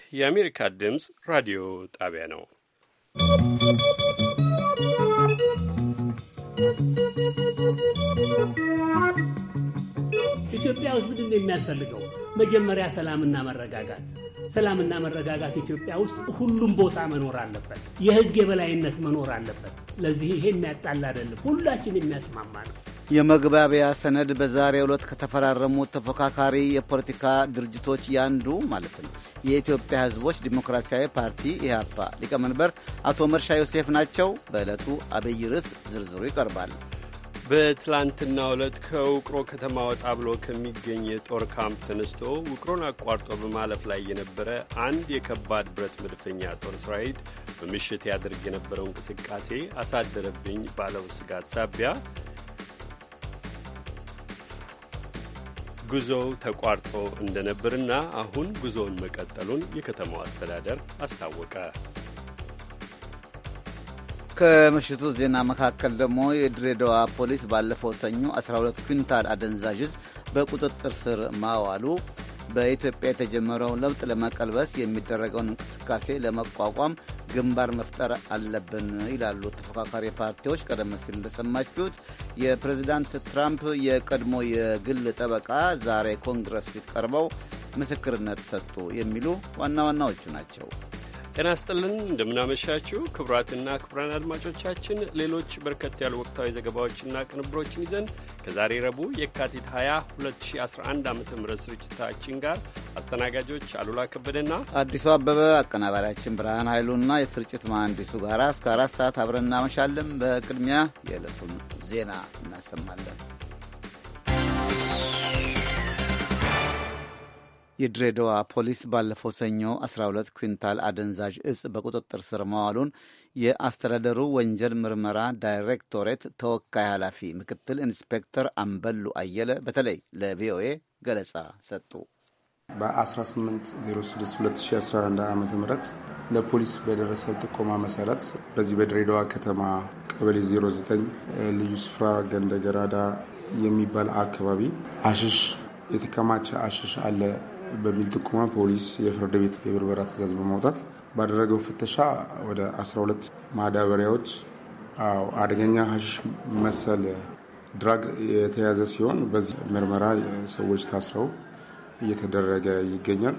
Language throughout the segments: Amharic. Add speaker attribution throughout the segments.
Speaker 1: ይህ የአሜሪካ ድምፅ ራዲዮ ጣቢያ ነው።
Speaker 2: ኢትዮጵያ ውስጥ ምንድን ነው የሚያስፈልገው? መጀመሪያ ሰላምና መረጋጋት። ሰላምና መረጋጋት ኢትዮጵያ ውስጥ ሁሉም ቦታ መኖር አለበት። የሕግ የበላይነት መኖር አለበት። ለዚህ ይሄ የሚያጣል አይደለም፣ ሁላችን የሚያስማማ ነው።
Speaker 3: የመግባቢያ ሰነድ በዛሬ ዕለት ከተፈራረሙ ተፎካካሪ የፖለቲካ ድርጅቶች ያንዱ ማለት ነው የኢትዮጵያ ሕዝቦች ዲሞክራሲያዊ ፓርቲ ኢህአፓ ሊቀመንበር አቶ መርሻ ዮሴፍ ናቸው። በዕለቱ አብይ ርዕስ
Speaker 1: ዝርዝሩ ይቀርባል። በትላንትና ዕለት ከውቅሮ ከተማ ወጣ ብሎ ከሚገኝ የጦር ካምፕ ተነስቶ ውቅሮን አቋርጦ በማለፍ ላይ የነበረ አንድ የከባድ ብረት መድፈኛ ጦር ሰራዊት በምሽት ያደርግ የነበረው እንቅስቃሴ አሳደረብኝ ባለው ስጋት ሳቢያ ጉዞው ተቋርጦ እንደነበርና አሁን ጉዞውን መቀጠሉን የከተማው አስተዳደር አስታወቀ።
Speaker 3: ከምሽቱ ዜና መካከል ደግሞ የድሬዳዋ ፖሊስ ባለፈው ሰኞ 12 ኩንታል አደንዛዥ በቁጥጥር ስር ማዋሉ በኢትዮጵያ የተጀመረውን ለውጥ ለመቀልበስ የሚደረገውን እንቅስቃሴ ለመቋቋም ግንባር መፍጠር አለብን ይላሉ ተፎካካሪ ፓርቲዎች። ቀደም ሲል እንደሰማችሁት የፕሬዚዳንት ትራምፕ የቀድሞ የግል ጠበቃ ዛሬ ኮንግረስ ፊት ቀርበው ምስክርነት ሰጡ የሚሉ ዋና ዋናዎቹ ናቸው።
Speaker 1: ጤና ስጥልን እንደምናመሻችሁ ክቡራትና ክቡራን አድማጮቻችን ሌሎች በርከት ያሉ ወቅታዊ ዘገባዎችና ቅንብሮችን ይዘን ከዛሬ ረቡዕ የካቲት 20 2011 ዓ ም ስርጭታችን ጋር አስተናጋጆች አሉላ ከበደና
Speaker 3: አዲሱ አበበ አቀናባሪያችን ብርሃን ኃይሉና የስርጭት መሐንዲሱ ጋር እስከ አራት ሰዓት አብረን እናመሻለን። በቅድሚያ የዕለቱን ዜና እናሰማለን። የድሬዳዋ ፖሊስ ባለፈው ሰኞ 12 ኩንታል አደንዛዥ እጽ በቁጥጥር ስር መዋሉን የአስተዳደሩ ወንጀል ምርመራ ዳይሬክቶሬት ተወካይ ኃላፊ ምክትል ኢንስፔክተር አምበሉ አየለ በተለይ ለቪኦኤ ገለጻ ሰጡ።
Speaker 4: በ18062011 ዓ ም ለፖሊስ በደረሰ ጥቆማ መሰረት በዚህ በድሬዳዋ ከተማ ቀበሌ 09 ልዩ ስፍራ ገንደገራዳ የሚባል አካባቢ አሽሽ የተከማቸ አሽሽ አለ በሚል ጥቁማ ፖሊስ የፍርድ ቤት የብርበራ ትዕዛዝ በማውጣት ባደረገው ፍተሻ ወደ 12 ማዳበሪያዎች አደገኛ ሀሽ መሰል ድራግ የተያዘ ሲሆን በዚህ ምርመራ ሰዎች
Speaker 5: ታስረው እየተደረገ ይገኛል።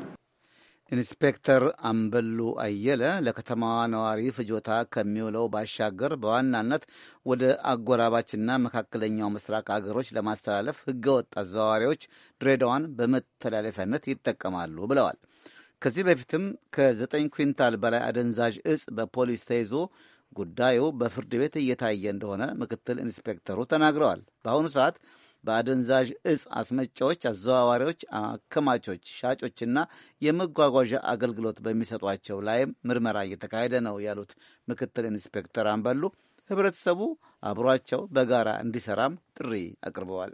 Speaker 3: ኢንስፔክተር አምበሉ አየለ ለከተማዋ ነዋሪ ፍጆታ ከሚውለው ባሻገር በዋናነት ወደ አጎራባችና መካከለኛው ምስራቅ አገሮች ለማስተላለፍ ህገወጥ አዘዋዋሪዎች ድሬዳዋን በመተላለፊያነት ይጠቀማሉ ብለዋል። ከዚህ በፊትም ከዘጠኝ ኩንታል በላይ አደንዛዥ እጽ በፖሊስ ተይዞ ጉዳዩ በፍርድ ቤት እየታየ እንደሆነ ምክትል ኢንስፔክተሩ ተናግረዋል። በአሁኑ ሰዓት በአደንዛዥ እጽ አስመጪዎች፣ አዘዋዋሪዎች፣ አከማቾች፣ ሻጮችና የመጓጓዣ አገልግሎት በሚሰጧቸው ላይም ምርመራ እየተካሄደ ነው ያሉት ምክትል ኢንስፔክተር አንበሉ ህብረተሰቡ አብሯቸው በጋራ እንዲሰራም ጥሪ አቅርበዋል።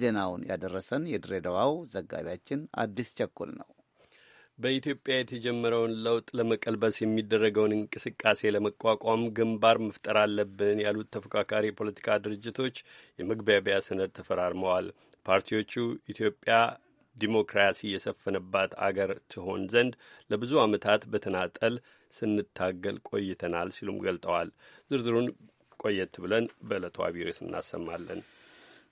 Speaker 3: ዜናውን ያደረሰን የድሬዳዋው ዘጋቢያችን አዲስ ቸኩል ነው።
Speaker 1: በኢትዮጵያ የተጀመረውን ለውጥ ለመቀልበስ የሚደረገውን እንቅስቃሴ ለመቋቋም ግንባር መፍጠር አለብን ያሉት ተፎካካሪ የፖለቲካ ድርጅቶች የመግባቢያ ሰነድ ተፈራርመዋል። ፓርቲዎቹ ኢትዮጵያ ዲሞክራሲ የሰፈነባት አገር ትሆን ዘንድ ለብዙ ዓመታት በተናጠል ስንታገል ቆይተናል ሲሉም ገልጠዋል። ዝርዝሩን ቆየት ብለን በዕለቷ ቢሬስ እናሰማለን።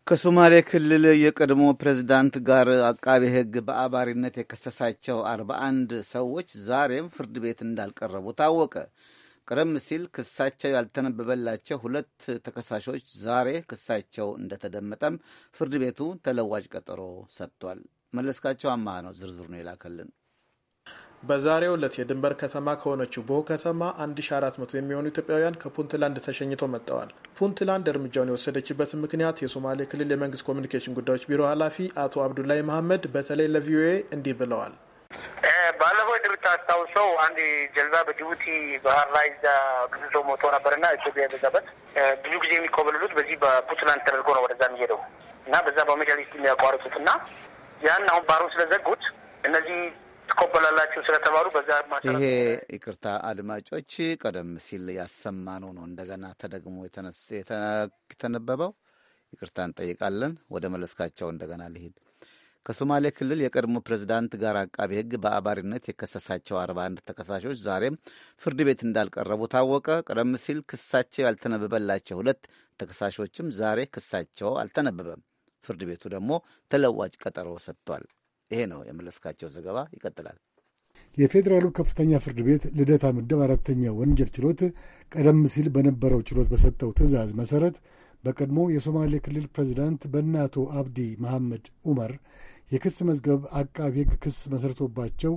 Speaker 3: ከሶማሌ ክልል የቀድሞ ፕሬዚዳንት ጋር አቃቤ ሕግ በአባሪነት የከሰሳቸው 41 ሰዎች ዛሬም ፍርድ ቤት እንዳልቀረቡ ታወቀ። ቀደም ሲል ክሳቸው ያልተነበበላቸው ሁለት ተከሳሾች ዛሬ ክሳቸው እንደተደመጠም ፍርድ ቤቱ ተለዋጭ ቀጠሮ
Speaker 6: ሰጥቷል። መለስካቸው አማሃ ነው ዝርዝሩን የላከልን። በዛሬው ዕለት የድንበር ከተማ ከሆነችው ቦ ከተማ 1400 የሚሆኑ ኢትዮጵያውያን ከፑንትላንድ ተሸኝተው መጥተዋል። ፑንትላንድ እርምጃውን የወሰደችበትን ምክንያት የሶማሌ ክልል የመንግስት ኮሚኒኬሽን ጉዳዮች ቢሮ ኃላፊ አቶ አብዱላይ መሐመድ በተለይ ለቪኦኤ እንዲህ ብለዋል።
Speaker 7: ባለፈው አስታውሰው አንድ
Speaker 8: ጀልባ በጅቡቲ ባህር ላይ እዛ ብዙ ሞቶ ነበርና ኢትዮጵያ የበዛበት ብዙ ጊዜ የሚቆበልሉት በዚህ በፑንትላንድ ተደርጎ ነው ወደዛ የሚሄደው እና በዛ በሜዳሊስት የሚያቋርጡት እና ያን አሁን ባህሩን ስለዘጉት እነዚህ ትቆበላላችሁ ስለተባሉ በዛ
Speaker 3: ይሄ ይቅርታ አድማጮች፣ ቀደም ሲል ያሰማነው ነው እንደገና ተደግሞ የተነበበው። ይቅርታ እንጠይቃለን። ወደ መለስካቸው እንደገና ልሂድ። ከሶማሌ ክልል የቀድሞ ፕሬዚዳንት ጋር አቃቤ ሕግ በአባሪነት የከሰሳቸው አርባ አንድ ተከሳሾች ዛሬም ፍርድ ቤት እንዳልቀረቡ ታወቀ። ቀደም ሲል ክሳቸው ያልተነበበላቸው ሁለት ተከሳሾችም ዛሬ ክሳቸው አልተነበበም። ፍርድ ቤቱ ደግሞ ተለዋጭ ቀጠሮ ሰጥቷል። ይሄ ነው የመለስካቸው ዘገባ ይቀጥላል።
Speaker 9: የፌዴራሉ ከፍተኛ ፍርድ ቤት ልደታ ምድብ አራተኛ ወንጀል ችሎት ቀደም ሲል በነበረው ችሎት በሰጠው ትዕዛዝ መሰረት በቀድሞ የሶማሌ ክልል ፕሬዚዳንት በእነ አቶ አብዲ መሐመድ ኡመር የክስ መዝገብ አቃቢ ሕግ ክስ መሠረቶባቸው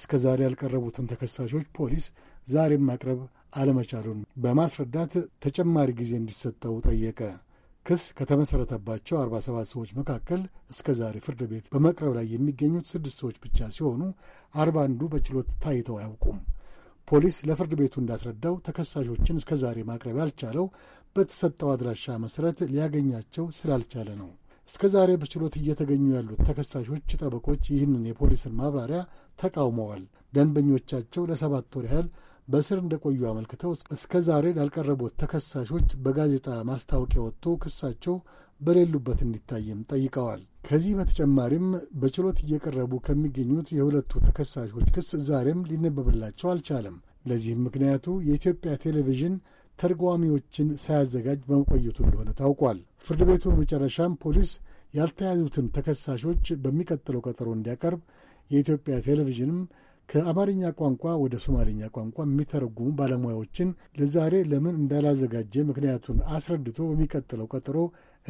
Speaker 9: እስከ ዛሬ ያልቀረቡትን ተከሳሾች ፖሊስ ዛሬም ማቅረብ አለመቻሉን በማስረዳት ተጨማሪ ጊዜ እንዲሰጠው ጠየቀ። ክስ ከተመሠረተባቸው 47 ሰዎች መካከል እስከ ዛሬ ፍርድ ቤት በመቅረብ ላይ የሚገኙት ስድስት ሰዎች ብቻ ሲሆኑ አርባ አንዱ በችሎት ታይተው አያውቁም። ፖሊስ ለፍርድ ቤቱ እንዳስረዳው ተከሳሾችን እስከ ዛሬ ማቅረብ ያልቻለው በተሰጠው አድራሻ መሠረት ሊያገኛቸው ስላልቻለ ነው። እስከ ዛሬ በችሎት እየተገኙ ያሉት ተከሳሾች ጠበቆች ይህንን የፖሊስን ማብራሪያ ተቃውመዋል። ደንበኞቻቸው ለሰባት ወር ያህል በእስር እንደቆዩ አመልክተው እስከ ዛሬ ላልቀረቡት ተከሳሾች በጋዜጣ ማስታወቂያ ወጥቶ ክሳቸው በሌሉበት እንዲታይም ጠይቀዋል። ከዚህ በተጨማሪም በችሎት እየቀረቡ ከሚገኙት የሁለቱ ተከሳሾች ክስ ዛሬም ሊነበብላቸው አልቻለም። ለዚህም ምክንያቱ የኢትዮጵያ ቴሌቪዥን ተርጓሚዎችን ሳያዘጋጅ በመቆየቱ እንደሆነ ታውቋል። ፍርድ ቤቱ መጨረሻም ፖሊስ ያልተያዙትን ተከሳሾች በሚቀጥለው ቀጠሮ እንዲያቀርብ የኢትዮጵያ ቴሌቪዥንም ከአማርኛ ቋንቋ ወደ ሶማልኛ ቋንቋ የሚተረጉሙ ባለሙያዎችን ለዛሬ ለምን እንዳላዘጋጀ ምክንያቱን አስረድቶ በሚቀጥለው ቀጠሮ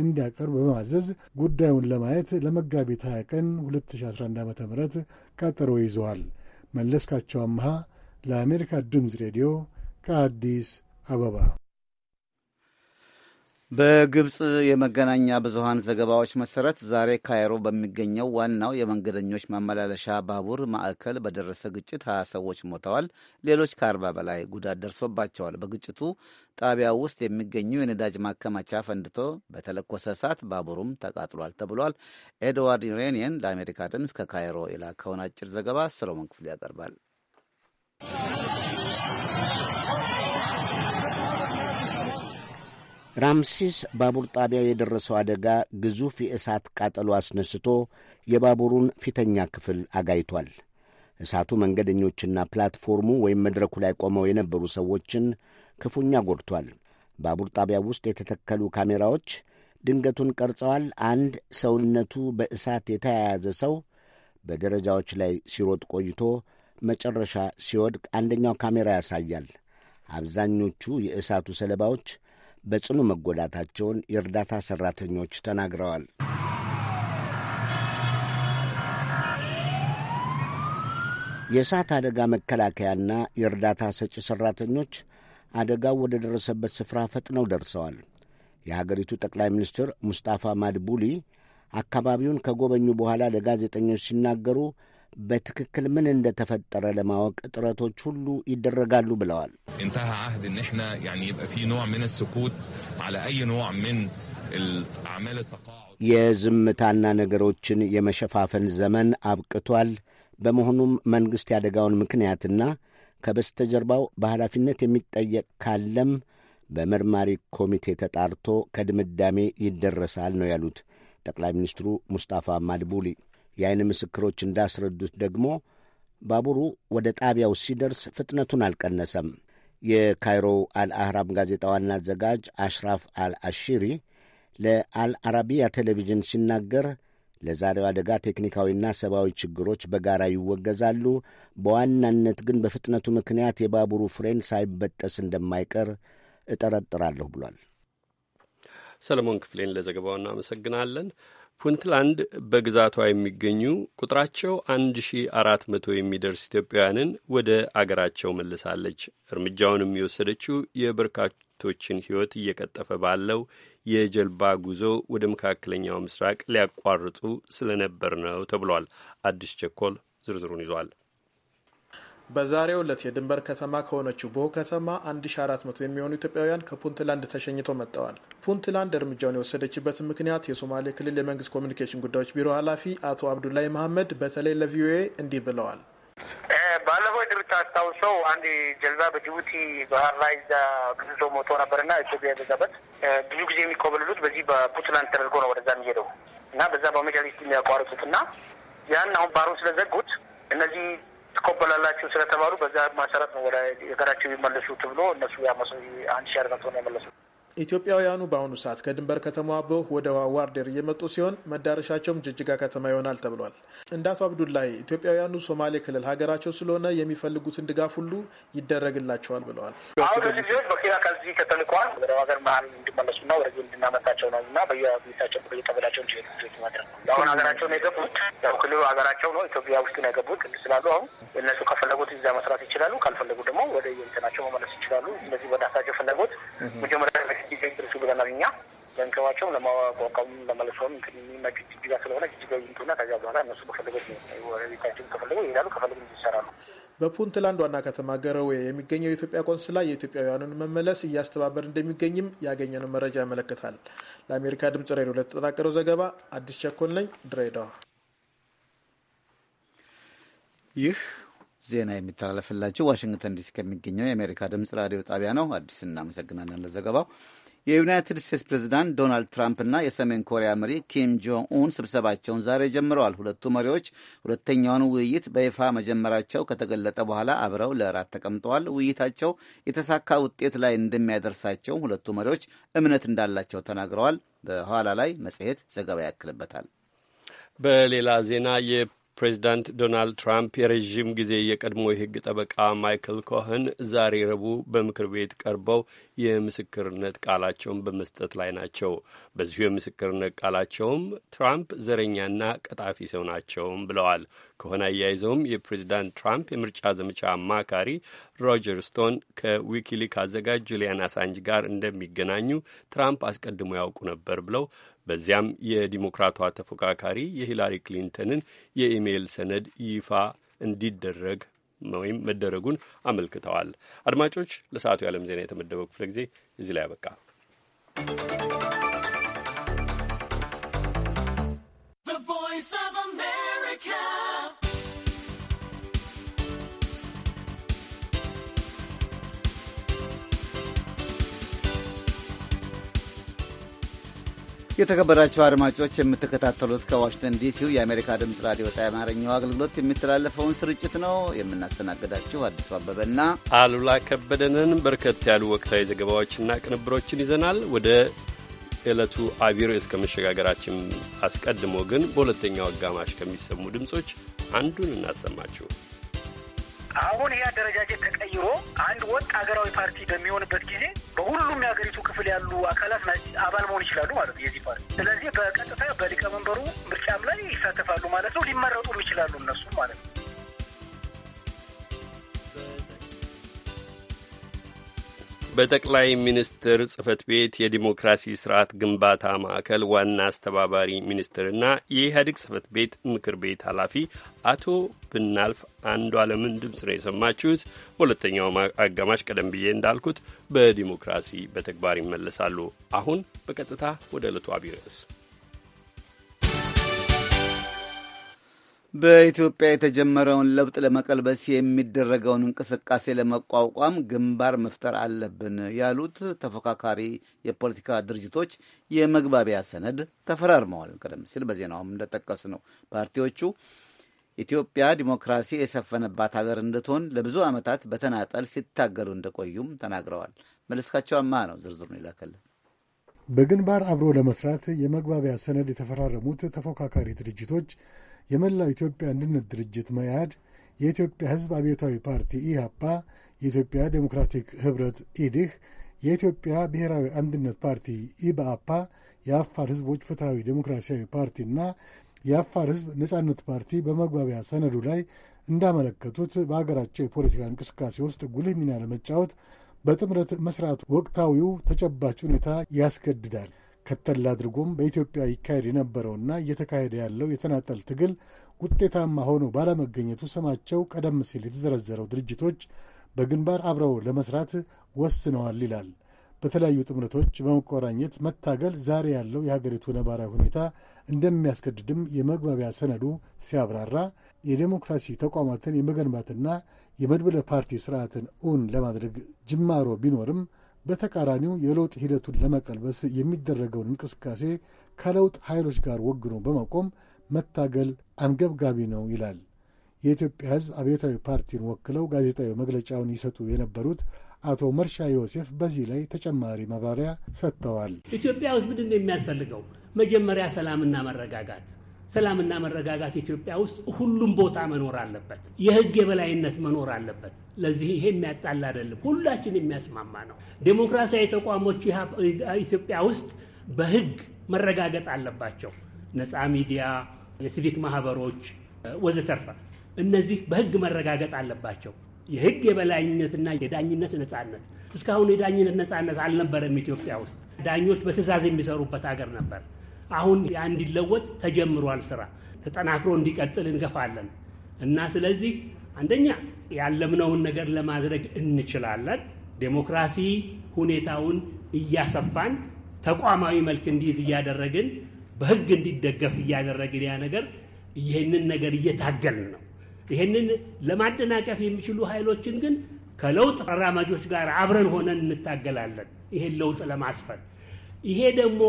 Speaker 9: እንዲያቀርብ በማዘዝ ጉዳዩን ለማየት ለመጋቢት 20 ቀን 2011 ዓ ም ቀጠሮ ይዘዋል። መለስካቸው አምሃ ለአሜሪካ ድምፅ ሬዲዮ ከአዲስ አበባ
Speaker 3: በግብፅ የመገናኛ ብዙሃን ዘገባዎች መሰረት ዛሬ ካይሮ በሚገኘው ዋናው የመንገደኞች ማመላለሻ ባቡር ማዕከል በደረሰ ግጭት ሀያ ሰዎች ሞተዋል። ሌሎች ከአርባ በላይ ጉዳት ደርሶባቸዋል። በግጭቱ ጣቢያ ውስጥ የሚገኘው የነዳጅ ማከማቻ ፈንድቶ በተለኮሰ እሳት ባቡሩም ተቃጥሏል ተብሏል። ኤድዋርድ ዩሬኒየን ለአሜሪካ ድምፅ ከካይሮ የላከውን አጭር ዘገባ ሰሎሞን ክፍል ያቀርባል።
Speaker 10: ራምሲስ ባቡር ጣቢያ የደረሰው አደጋ ግዙፍ የእሳት ቃጠሎ አስነስቶ የባቡሩን ፊተኛ ክፍል አጋይቷል። እሳቱ መንገደኞችና ፕላትፎርሙ ወይም መድረኩ ላይ ቆመው የነበሩ ሰዎችን ክፉኛ ጎድቷል። ባቡር ጣቢያ ውስጥ የተተከሉ ካሜራዎች ድንገቱን ቀርጸዋል። አንድ ሰውነቱ በእሳት የተያያዘ ሰው በደረጃዎች ላይ ሲሮጥ ቆይቶ መጨረሻ ሲወድቅ አንደኛው ካሜራ ያሳያል። አብዛኞቹ የእሳቱ ሰለባዎች በጽኑ መጎዳታቸውን የእርዳታ ሠራተኞች ተናግረዋል። የእሳት አደጋ መከላከያና የእርዳታ ሰጪ ሠራተኞች አደጋው ወደ ደረሰበት ስፍራ ፈጥነው ደርሰዋል። የሀገሪቱ ጠቅላይ ሚኒስትር ሙስጣፋ ማድቡሊ አካባቢውን ከጎበኙ በኋላ ለጋዜጠኞች ሲናገሩ በትክክል ምን እንደተፈጠረ ለማወቅ ጥረቶች ሁሉ ይደረጋሉ ብለዋል። አይ የዝምታና ነገሮችን የመሸፋፈን ዘመን አብቅቷል። በመሆኑም መንግሥት ያደጋውን ምክንያትና ከበስተጀርባው በኃላፊነት የሚጠየቅ ካለም በመርማሪ ኮሚቴ ተጣርቶ ከድምዳሜ ይደረሳል ነው ያሉት ጠቅላይ ሚኒስትሩ ሙስጣፋ ማድቡሊ። የአይን ምስክሮች እንዳስረዱት ደግሞ ባቡሩ ወደ ጣቢያው ሲደርስ ፍጥነቱን አልቀነሰም። የካይሮው አልአህራም ጋዜጣ ዋና አዘጋጅ አሽራፍ አልአሺሪ ለአልአረቢያ ቴሌቪዥን ሲናገር ለዛሬው አደጋ ቴክኒካዊና ሰብአዊ ችግሮች በጋራ ይወገዛሉ። በዋናነት ግን በፍጥነቱ ምክንያት የባቡሩ ፍሬን ሳይበጠስ እንደማይቀር እጠረጥራለሁ ብሏል።
Speaker 1: ሰለሞን ክፍሌን ለዘገባው እናመሰግናለን። ፑንትላንድ በግዛቷ የሚገኙ ቁጥራቸው 1400 የሚደርስ ኢትዮጵያውያንን ወደ አገራቸው መልሳለች። እርምጃውንም የወሰደችው የበርካቶችን ሕይወት እየቀጠፈ ባለው የጀልባ ጉዞ ወደ መካከለኛው ምስራቅ ሊያቋርጡ ስለነበር ነው ተብሏል። አዲስ ቸኮል ዝርዝሩን ይዟል።
Speaker 6: በዛሬው ዕለት የድንበር ከተማ ከሆነችው ቦሆ ከተማ 1400 የሚሆኑ ኢትዮጵያውያን ከፑንትላንድ ተሸኝተው መጥተዋል። ፑንትላንድ እርምጃውን የወሰደችበትን ምክንያት የሶማሌ ክልል የመንግስት ኮሚኒኬሽን ጉዳዮች ቢሮ ኃላፊ አቶ አብዱላይ መሐመድ በተለይ ለቪኦኤ እንዲህ ብለዋል። ባለፈው አስታውሰው
Speaker 8: አንድ ጀልባ በጅቡቲ ባህር ላይ እዛ ብዙ ሞቶ ነበርና ኢትዮጵያ የገዛበት ብዙ ጊዜ የሚኮበልሉት በዚህ በፑንትላንድ ተደርጎ ነው ወደዛ የሚሄደው እና በዛ በመጃሊስ የሚያቋርጡት እና ያን አሁን ባህሩን ስለዘጉት እነዚህ ትቆበላላችሁ ስለተባሉ በዛ መሰረት ነው ወደ ሀገራቸው ይመለሱ ተብሎ እነሱ ያመሰ አንድ ሺ አርባ ሰው ነው የመለሱት።
Speaker 6: ኢትዮጵያውያኑ በአሁኑ ሰዓት ከድንበር ከተማ አበው ወደ ዋርዴር እየመጡ ሲሆን መዳረሻቸውም ጅጅጋ ከተማ ይሆናል ተብሏል። እንደ አቶ አብዱላሂ ኢትዮጵያውያኑ ሶማሌ ክልል ሀገራቸው ስለሆነ የሚፈልጉትን ድጋፍ ሁሉ ይደረግላቸዋል ብለዋል። አሁን ለዚህ
Speaker 8: ጊዜ መኪና ከዚህ ከተልኳል ወደ ሀገር መሀል እንዲመለሱና ወደ እንድናመጣቸው ነው እና በየቤታቸው በየቀበላቸው ማድረግ ነው። አሁን ነው የገቡት ያው ክልሉ ሀገራቸው ነው ኢትዮጵያ ውስጥ ነው የገቡት ስላሉ አሁን እነሱ ከፈለጉት እዚያ መስራት ይችላሉ። ካልፈለጉ ደግሞ ወደ የንትናቸው መመለስ ይችላሉ። ስለዚህ ወደ ራሳቸው ፍላጎት መጀመሪያ ሊደግርሱ ብለናል እኛ ለእንከባቸው ለማቋቋሙ ለመለሰውም የሚመች ጅጅጋ ስለሆነ ጅጅጋ ይንቱና ከዚያ በኋላ እነሱ በፈለገ ቤታቸው ከፈለገ ይሄዳሉ ከፈለጉ ይሰራሉ።
Speaker 6: በፑንትላንድ ዋና ከተማ ገረዌ የሚገኘው የኢትዮጵያ ቆንስላ የኢትዮጵያውያኑን መመለስ እያስተባበር እንደሚገኝም ያገኘነው መረጃ ያመለክታል። ለአሜሪካ ድምጽ ሬዲዮ ለተጠናቀረው ዘገባ አዲስ ቸኮን ነኝ ድሬዳዋ።
Speaker 3: ይህ ዜና የሚተላለፍላችሁ ዋሽንግተን ዲሲ ከሚገኘው የአሜሪካ ድምፅ ራዲዮ ጣቢያ ነው። አዲስ እናመሰግናለን ለዘገባው። የዩናይትድ ስቴትስ ፕሬዚዳንት ዶናልድ ትራምፕ እና የሰሜን ኮሪያ መሪ ኪም ጆንግ ኡን ስብሰባቸውን ዛሬ ጀምረዋል። ሁለቱ መሪዎች ሁለተኛውን ውይይት በይፋ መጀመራቸው ከተገለጠ በኋላ አብረው ለእራት ተቀምጠዋል። ውይይታቸው የተሳካ ውጤት ላይ እንደሚያደርሳቸው ሁለቱ መሪዎች እምነት እንዳላቸው ተናግረዋል። በኋላ ላይ መጽሔት ዘገባ ያክልበታል።
Speaker 1: በሌላ ዜና ፕሬዚዳንት ዶናልድ ትራምፕ የረዥም ጊዜ የቀድሞ የሕግ ጠበቃ ማይክል ኮህን ዛሬ ረቡዕ በምክር ቤት ቀርበው የምስክርነት ቃላቸውን በመስጠት ላይ ናቸው። በዚሁ የምስክርነት ቃላቸውም ትራምፕ ዘረኛና ቀጣፊ ሰው ናቸውም ብለዋል። ከሆነ አያይዘውም የፕሬዚዳንት ትራምፕ የምርጫ ዘመቻ አማካሪ ሮጀር ስቶን ከዊኪሊክ አዘጋጅ ጁሊያን አሳንጅ ጋር እንደሚገናኙ ትራምፕ አስቀድሞ ያውቁ ነበር ብለው በዚያም የዲሞክራቷ ተፎካካሪ የሂላሪ ክሊንተንን የኢሜይል ሰነድ ይፋ እንዲደረግ ወይም መደረጉን አመልክተዋል። አድማጮች፣ ለሰዓቱ የዓለም ዜና የተመደበው ክፍለ ጊዜ እዚህ ላይ you.
Speaker 3: የተከበራቸው አድማጮች የምትከታተሉት ከዋሽንግተን ዲሲው የአሜሪካ ድምፅ ራዲዮ ጣቢያ የአማርኛው አገልግሎት የሚተላለፈውን ስርጭት ነው። የምናስተናግዳችሁ አዲሱ አበበና
Speaker 1: አሉላ ከበደንን በርከት ያሉ ወቅታዊ ዘገባዎችና ቅንብሮችን ይዘናል። ወደ ዕለቱ አቢሮ እስከ መሸጋገራችን አስቀድሞ ግን በሁለተኛው አጋማሽ ከሚሰሙ ድምፆች አንዱን እናሰማችሁ።
Speaker 7: አሁን ይህ አደረጃጀት ተቀይሮ አንድ ወጥ ሀገራዊ ፓርቲ በሚሆንበት ጊዜ በሁሉም የሀገሪቱ ክፍል ያሉ አካላት አባል መሆን ይችላሉ ማለት ነው የዚህ ፓርቲ። ስለዚህ በቀጥታ በሊቀመንበሩ ምርጫም ላይ ይሳተፋሉ ማለት ነው። ሊመረጡም ይችላሉ እነሱም ማለት ነው።
Speaker 1: በጠቅላይ ሚኒስትር ጽህፈት ቤት የዲሞክራሲ ስርዓት ግንባታ ማዕከል ዋና አስተባባሪ ሚኒስትርና የኢህአዴግ ጽህፈት ቤት ምክር ቤት ኃላፊ አቶ ብናልፍ አንዱ አለምን ድምፅ ነው የሰማችሁት። በሁለተኛው አጋማሽ ቀደም ብዬ እንዳልኩት በዲሞክራሲ በተግባር ይመለሳሉ። አሁን በቀጥታ ወደ ዕለቱ አብይ ርዕስ
Speaker 3: በኢትዮጵያ የተጀመረውን ለውጥ ለመቀልበስ የሚደረገውን እንቅስቃሴ ለመቋቋም ግንባር መፍጠር አለብን ያሉት ተፎካካሪ የፖለቲካ ድርጅቶች የመግባቢያ ሰነድ ተፈራርመዋል። ቀደም ሲል በዜናውም እንደጠቀስ ነው ፓርቲዎቹ ኢትዮጵያ ዲሞክራሲ የሰፈነባት ሀገር እንድትሆን ለብዙ ዓመታት በተናጠል ሲታገሉ እንደቆዩም ተናግረዋል። መለስካቸው አማ ነው ዝርዝሩን ይላከል።
Speaker 9: በግንባር አብሮ ለመስራት የመግባቢያ ሰነድ የተፈራረሙት ተፎካካሪ ድርጅቶች የመላው ኢትዮጵያ አንድነት ድርጅት መያድ የኢትዮጵያ ሕዝብ አብዮታዊ ፓርቲ ኢህአፓ፣ የኢትዮጵያ ዴሞክራቲክ ኅብረት ኢድህ፣ የኢትዮጵያ ብሔራዊ አንድነት ፓርቲ ኢበአፓ፣ የአፋር ሕዝቦች ፍትሐዊ ዴሞክራሲያዊ ፓርቲና የአፋር ሕዝብ ነጻነት ፓርቲ በመግባቢያ ሰነዱ ላይ እንዳመለከቱት በሀገራቸው የፖለቲካ እንቅስቃሴ ውስጥ ጉልህ ሚና ለመጫወት በጥምረት መስራቱ ወቅታዊው ተጨባጭ ሁኔታ ያስገድዳል። ከተል አድርጎም በኢትዮጵያ ይካሄድ የነበረውና እየተካሄደ ያለው የተናጠል ትግል ውጤታማ ሆኖ ባለመገኘቱ ስማቸው ቀደም ሲል የተዘረዘረው ድርጅቶች በግንባር አብረው ለመስራት ወስነዋል ይላል። በተለያዩ ጥምረቶች በመቆራኘት መታገል ዛሬ ያለው የሀገሪቱ ነባራዊ ሁኔታ እንደሚያስገድድም የመግባቢያ ሰነዱ ሲያብራራ የዴሞክራሲ ተቋማትን የመገንባትና የመድብለ ፓርቲ ስርዓትን እውን ለማድረግ ጅማሮ ቢኖርም በተቃራኒው የለውጥ ሂደቱን ለመቀልበስ የሚደረገውን እንቅስቃሴ ከለውጥ ኃይሎች ጋር ወግኖ በመቆም መታገል አንገብጋቢ ነው ይላል። የኢትዮጵያ ሕዝብ አብዮታዊ ፓርቲን ወክለው ጋዜጣዊ መግለጫውን ይሰጡ የነበሩት አቶ መርሻ ዮሴፍ በዚህ ላይ ተጨማሪ ማብራሪያ ሰጥተዋል።
Speaker 2: ኢትዮጵያ ውስጥ ምንድን ነው የሚያስፈልገው? መጀመሪያ ሰላምና መረጋጋት ሰላምና መረጋጋት ኢትዮጵያ ውስጥ ሁሉም ቦታ መኖር አለበት። የህግ የበላይነት መኖር አለበት። ለዚህ ይሄ የሚያጣል አይደለም፣ ሁላችን የሚያስማማ ነው። ዴሞክራሲያዊ ተቋሞች ኢትዮጵያ ውስጥ በህግ መረጋገጥ አለባቸው። ነፃ ሚዲያ፣ የሲቪክ ማህበሮች ወዘተርፈ እነዚህ በህግ መረጋገጥ አለባቸው። የህግ የበላይነትና የዳኝነት ነፃነት እስካሁን የዳኝነት ነፃነት አልነበረም ኢትዮጵያ ውስጥ ዳኞች በትእዛዝ የሚሰሩበት ሀገር ነበር። አሁን ያ እንዲለወጥ ተጀምሯል። ስራ ተጠናክሮ እንዲቀጥል እንገፋለን እና ስለዚህ አንደኛ ያለምነውን ነገር ለማድረግ እንችላለን። ዴሞክራሲ ሁኔታውን እያሰፋን ተቋማዊ መልክ እንዲይዝ እያደረግን በህግ እንዲደገፍ እያደረግን ያ ነገር ይህንን ነገር እየታገልን ነው። ይህንን ለማደናቀፍ የሚችሉ ኃይሎችን ግን ከለውጥ አራማጆች ጋር አብረን ሆነን እንታገላለን። ይሄን ለውጥ ለማስፈን ይሄ ደግሞ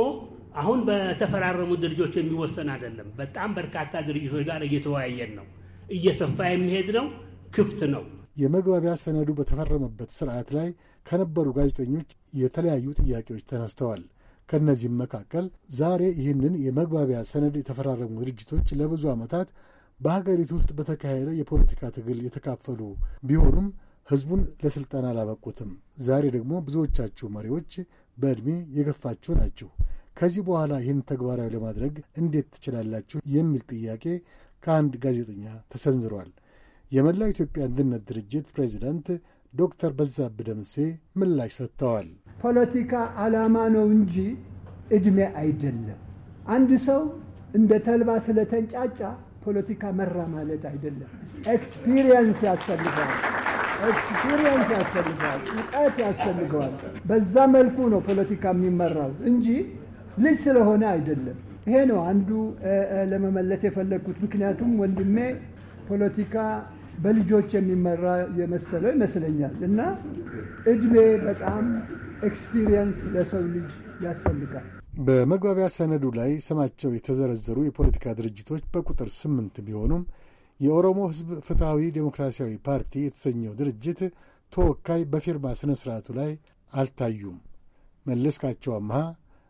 Speaker 2: አሁን በተፈራረሙ ድርጅቶች የሚወሰን አይደለም። በጣም በርካታ ድርጅቶች ጋር እየተወያየን ነው። እየሰፋ የሚሄድ ነው። ክፍት ነው።
Speaker 9: የመግባቢያ ሰነዱ በተፈረመበት ስርዓት ላይ ከነበሩ ጋዜጠኞች የተለያዩ ጥያቄዎች ተነስተዋል። ከእነዚህም መካከል ዛሬ ይህንን የመግባቢያ ሰነድ የተፈራረሙ ድርጅቶች ለብዙ ዓመታት በሀገሪቱ ውስጥ በተካሄደ የፖለቲካ ትግል የተካፈሉ ቢሆኑም ሕዝቡን ለስልጠና አላበቁትም። ዛሬ ደግሞ ብዙዎቻችሁ መሪዎች በዕድሜ የገፋችሁ ናችሁ። ከዚህ በኋላ ይህን ተግባራዊ ለማድረግ እንዴት ትችላላችሁ የሚል ጥያቄ ከአንድ ጋዜጠኛ ተሰንዝሯል። የመላው ኢትዮጵያ አንድነት ድርጅት ፕሬዚደንት ዶክተር በዛብህ ደምሴ ምላሽ ሰጥተዋል። ፖለቲካ ዓላማ ነው እንጂ ዕድሜ አይደለም። አንድ ሰው እንደ ተልባ ስለተንጫጫ ፖለቲካ
Speaker 11: መራ ማለት አይደለም። ኤክስፒሪየንስ ያስፈልገዋል። ኤክስፒሪየንስ ያስፈልገዋል። እውቀት ያስፈልገዋል። በዛ መልኩ ነው ፖለቲካ የሚመራው እንጂ ልጅ ስለሆነ አይደለም። ይሄ ነው አንዱ ለመመለስ የፈለግኩት። ምክንያቱም ወንድሜ ፖለቲካ በልጆች የሚመራ የመሰለው ይመስለኛል እና እድሜ በጣም ኤክስፒሪየንስ ለሰው ልጅ ያስፈልጋል።
Speaker 9: በመግባቢያ ሰነዱ ላይ ስማቸው የተዘረዘሩ የፖለቲካ ድርጅቶች በቁጥር ስምንት ቢሆኑም የኦሮሞ ሕዝብ ፍትሐዊ ዴሞክራሲያዊ ፓርቲ የተሰኘው ድርጅት ተወካይ በፊርማ ስነስርዓቱ ላይ አልታዩም። መለስካቸው አምሃ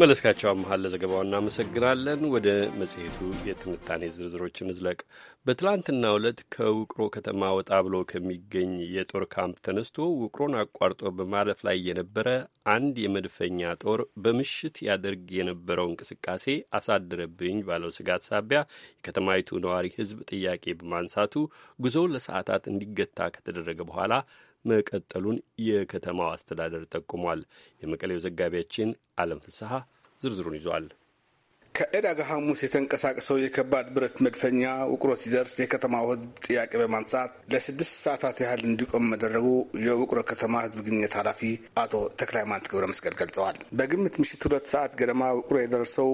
Speaker 1: መለስካቸው አመሀል ለዘገባው እናመሰግናለን። ወደ መጽሔቱ የትንታኔ ዝርዝሮች ዝለቅ በትላንትና ዕለት ከውቅሮ ከተማ ወጣ ብሎ ከሚገኝ የጦር ካምፕ ተነስቶ ውቅሮን አቋርጦ በማለፍ ላይ የነበረ አንድ የመድፈኛ ጦር በምሽት ያደርግ የነበረው እንቅስቃሴ አሳደረብኝ ባለው ስጋት ሳቢያ የከተማይቱ ነዋሪ ሕዝብ ጥያቄ በማንሳቱ ጉዞው ለሰዓታት እንዲገታ ከተደረገ በኋላ መቀጠሉን የከተማው አስተዳደር ጠቁሟል። የመቀሌው ዘጋቢያችን አለም ፍስሐ ዝርዝሩን ይዟል።
Speaker 4: ከዕዳጋ ሐሙስ የተንቀሳቀሰው የከባድ ብረት መድፈኛ ውቅሮት ሲደርስ የከተማው ሕዝብ ጥያቄ በማንሳት ለስድስት ሰዓታት ያህል እንዲቆም መደረጉ የውቅሮ ከተማ ሕዝብ ግንኙነት ኃላፊ አቶ ተክለሃይማኖት ገብረ መስቀል ገልጸዋል። በግምት ምሽት ሁለት ሰዓት ገደማ ውቅሮ የደረሰው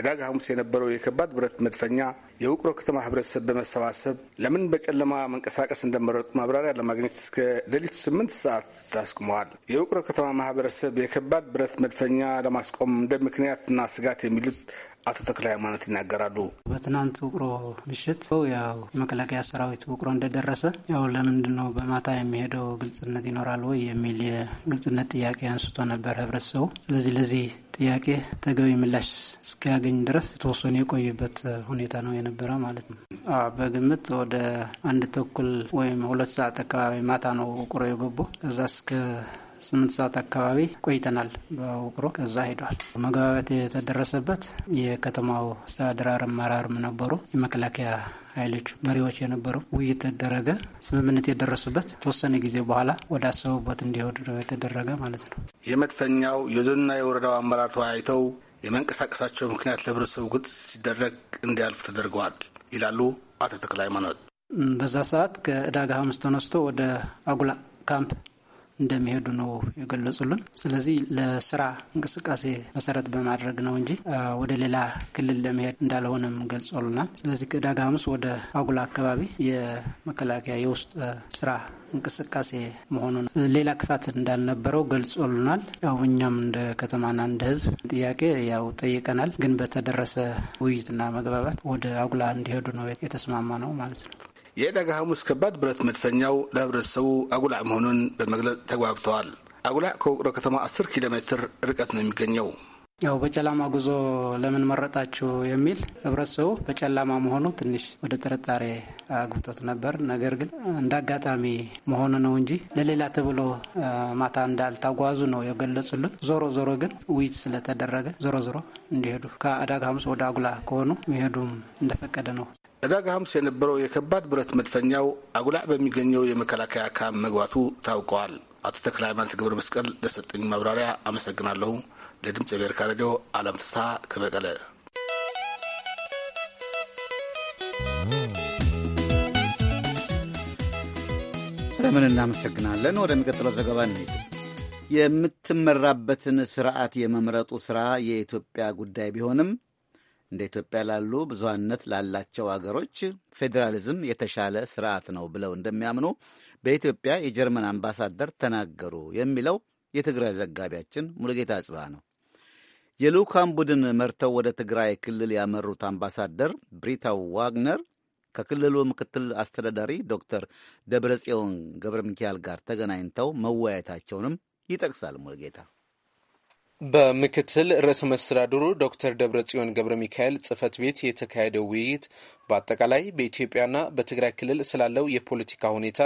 Speaker 4: ዕዳጋ ሐሙስ የነበረው የከባድ ብረት መድፈኛ የውቅሮ ከተማ ህብረተሰብ በመሰባሰብ ለምን በጨለማ መንቀሳቀስ እንደመረጡ ማብራሪያ ለማግኘት እስከ ሌሊቱ ስምንት ሰዓት ታስቁመዋል። የውቅሮ ከተማ ማህበረሰብ የከባድ ብረት መድፈኛ ለማስቆም እንደ ምክንያትና ስጋት የሚሉት አቶ ተክለ ሃይማኖት ይናገራሉ።
Speaker 12: በትናንት ውቅሮ ምሽት ያው የመከላከያ ሰራዊት ውቅሮ እንደደረሰ ያው ለምንድን ነው በማታ የሚሄደው ግልጽነት ይኖራል ወይ የሚል የግልጽነት ጥያቄ አንስቶ ነበር ህብረተሰቡ። ስለዚህ ለዚህ ጥያቄ ተገቢ ምላሽ እስኪያገኝ ድረስ የተወሰኑ የቆዩበት ሁኔታ ነው የነበረ ማለት ነው። በግምት ወደ አንድ ተኩል ወይም ሁለት ሰዓት አካባቢ ማታ ነው ውቅሮ የገቡ ከዛ እስከ ስምንት ሰዓት አካባቢ ቆይተናል። በውቅሮ ከዛ ሄዷል። መግባባት የተደረሰበት የከተማው አስተዳደር አመራርም ነበሩ፣ የመከላከያ ኃይሎች መሪዎች የነበሩ ውይይት ተደረገ። ስምምነት የደረሱበት ተወሰነ ጊዜ በኋላ ወደ አሰቡበት እንዲሄዱ የተደረገ ማለት ነው።
Speaker 4: የመድፈኛው የዞንና የወረዳው አመራር ተወያይተው የመንቀሳቀሳቸው ምክንያት ለህብረተሰቡ ግልጽ ሲደረግ እንዲያልፉ ተደርገዋል ይላሉ አቶ ተክለ ሃይማኖት።
Speaker 12: በዛ ሰዓት ከእዳጋ ሐሙስ ተነስቶ ወደ አጉላ ካምፕ እንደሚሄዱ ነው የገለጹልን። ስለዚህ ለስራ እንቅስቃሴ መሰረት በማድረግ ነው እንጂ ወደ ሌላ ክልል ለመሄድ እንዳልሆነም ገልጾልናል። ስለዚህ ቅዳጋ ሐሙስ ወደ አጉላ አካባቢ የመከላከያ የውስጥ ስራ እንቅስቃሴ መሆኑን ሌላ ክፋት እንዳልነበረው ገልጾልናል። ያው እኛም እንደ ከተማና እንደ ህዝብ ጥያቄ ያው ጠይቀናል። ግን በተደረሰ ውይይትና መግባባት ወደ አጉላ እንዲሄዱ ነው የተስማማ ነው ማለት ነው።
Speaker 4: የዕዳጋ ሐሙስ ከባድ ብረት መድፈኛው ለህብረተሰቡ አጉላዕ መሆኑን በመግለጽ ተግባብተዋል። አጉላዕ ከውቅሮ ከተማ 10 ኪሎ ሜትር ርቀት ነው የሚገኘው።
Speaker 12: ያው በጨለማ ጉዞ ለምን መረጣችሁ የሚል ህብረተሰቡ በጨለማ መሆኑ ትንሽ ወደ ጥርጣሬ አግብቶት ነበር። ነገር ግን እንደ አጋጣሚ መሆኑ ነው እንጂ ለሌላ ተብሎ ማታ እንዳልታጓዙ ነው የገለጹልን። ዞሮ ዞሮ ግን ውይይት ስለተደረገ ዞሮ ዞሮ እንዲሄዱ ከአዳግ ሐሙስ ወደ አጉላ ከሆኑ መሄዱም እንደፈቀደ ነው።
Speaker 4: ዕዳጋ ሐምስ የነበረው የከባድ ብረት መድፈኛው አጉላዕ በሚገኘው የመከላከያ ካም መግባቱ ታውቀዋል። አቶ ተክለ ሃይማኖት ገብረ መስቀል ለሰጠኝ ማብራሪያ አመሰግናለሁ። ለድምፅ አሜሪካ ሬዲዮ አለም ፍስሐ ከመቀለ።
Speaker 3: ለምን እናመሰግናለን። ሚቀጥለው ዘገባ እንሂድ። የምትመራበትን ስርዓት የመምረጡ ስራ የኢትዮጵያ ጉዳይ ቢሆንም እንደ ኢትዮጵያ ላሉ ብዙሀነት ላላቸው አገሮች ፌዴራሊዝም የተሻለ ስርዓት ነው ብለው እንደሚያምኑ በኢትዮጵያ የጀርመን አምባሳደር ተናገሩ የሚለው የትግራይ ዘጋቢያችን ሙሉጌታ ጽባ ነው። የልዑካን ቡድን መርተው ወደ ትግራይ ክልል ያመሩት አምባሳደር ብሪታ ዋግነር ከክልሉ ምክትል አስተዳዳሪ ዶክተር ደብረጽዮን ገብረ ሚካኤል ጋር ተገናኝተው መወያየታቸውንም ይጠቅሳል
Speaker 13: ሙሉጌታ። በምክትል ርዕሰ መስተዳድሩ ዶክተር ደብረ ጽዮን ገብረ ሚካኤል ጽህፈት ቤት የተካሄደው ውይይት በአጠቃላይ በኢትዮጵያና በትግራይ ክልል ስላለው የፖለቲካ ሁኔታ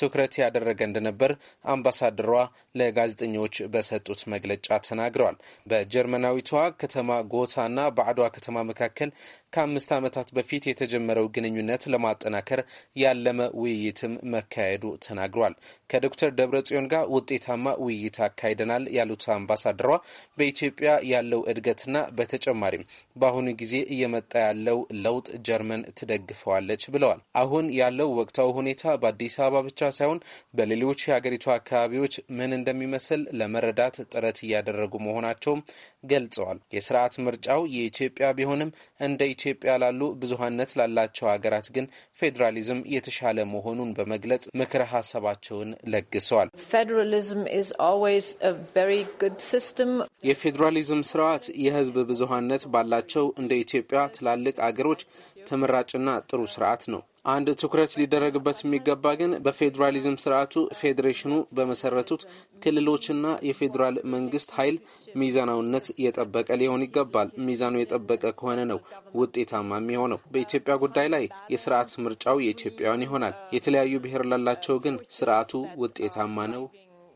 Speaker 13: ትኩረት ያደረገ እንደነበር አምባሳደሯ ለጋዜጠኞች በሰጡት መግለጫ ተናግረዋል። በጀርመናዊቷ ከተማ ጎታና በአድዋ ከተማ መካከል ከአምስት ዓመታት በፊት የተጀመረው ግንኙነት ለማጠናከር ያለመ ውይይትም መካሄዱ ተናግሯል። ከዶክተር ደብረ ጽዮን ጋር ውጤታማ ውይይት አካሂደናል ያሉት አምባሳደሯ በኢትዮጵያ ያለው እድገትና በተጨማሪም በአሁኑ ጊዜ እየመጣ ያለው ለውጥ ጀርመን ትደግፈዋለች ብለዋል። አሁን ያለው ወቅታዊ ሁኔታ በአዲስ አበባ ብቻ ሳይሆን በሌሎች የሀገሪቱ አካባቢዎች ምን እንደሚመስል ለመረዳት ጥረት እያደረጉ መሆናቸውም ገልጸዋል። የስርዓት ምርጫው የኢትዮጵያ ቢሆንም እንደ ኢትዮጵያ ላሉ ብዙሀነት ላላቸው ሀገራት ግን ፌዴራሊዝም የተሻለ መሆኑን በመግለጽ ምክረ ሀሳባቸውን ለግሰዋል። የፌዴራሊዝም ስርዓት የህዝብ ብዙሀነት ባላቸው እንደ ኢትዮጵያ ትላልቅ አገሮች ተመራጭና ጥሩ ስርዓት ነው። አንድ ትኩረት ሊደረግበት የሚገባ ግን በፌዴራሊዝም ስርዓቱ ፌዴሬሽኑ በመሰረቱት ክልሎችና የፌዴራል መንግስት ኃይል ሚዛናዊነት የጠበቀ ሊሆን ይገባል። ሚዛኑ የጠበቀ ከሆነ ነው ውጤታማ የሚሆነው። በኢትዮጵያ ጉዳይ ላይ የስርዓት ምርጫው የኢትዮጵያውያን ይሆናል። የተለያዩ ብሔር ላላቸው ግን ስርዓቱ ውጤታማ ነው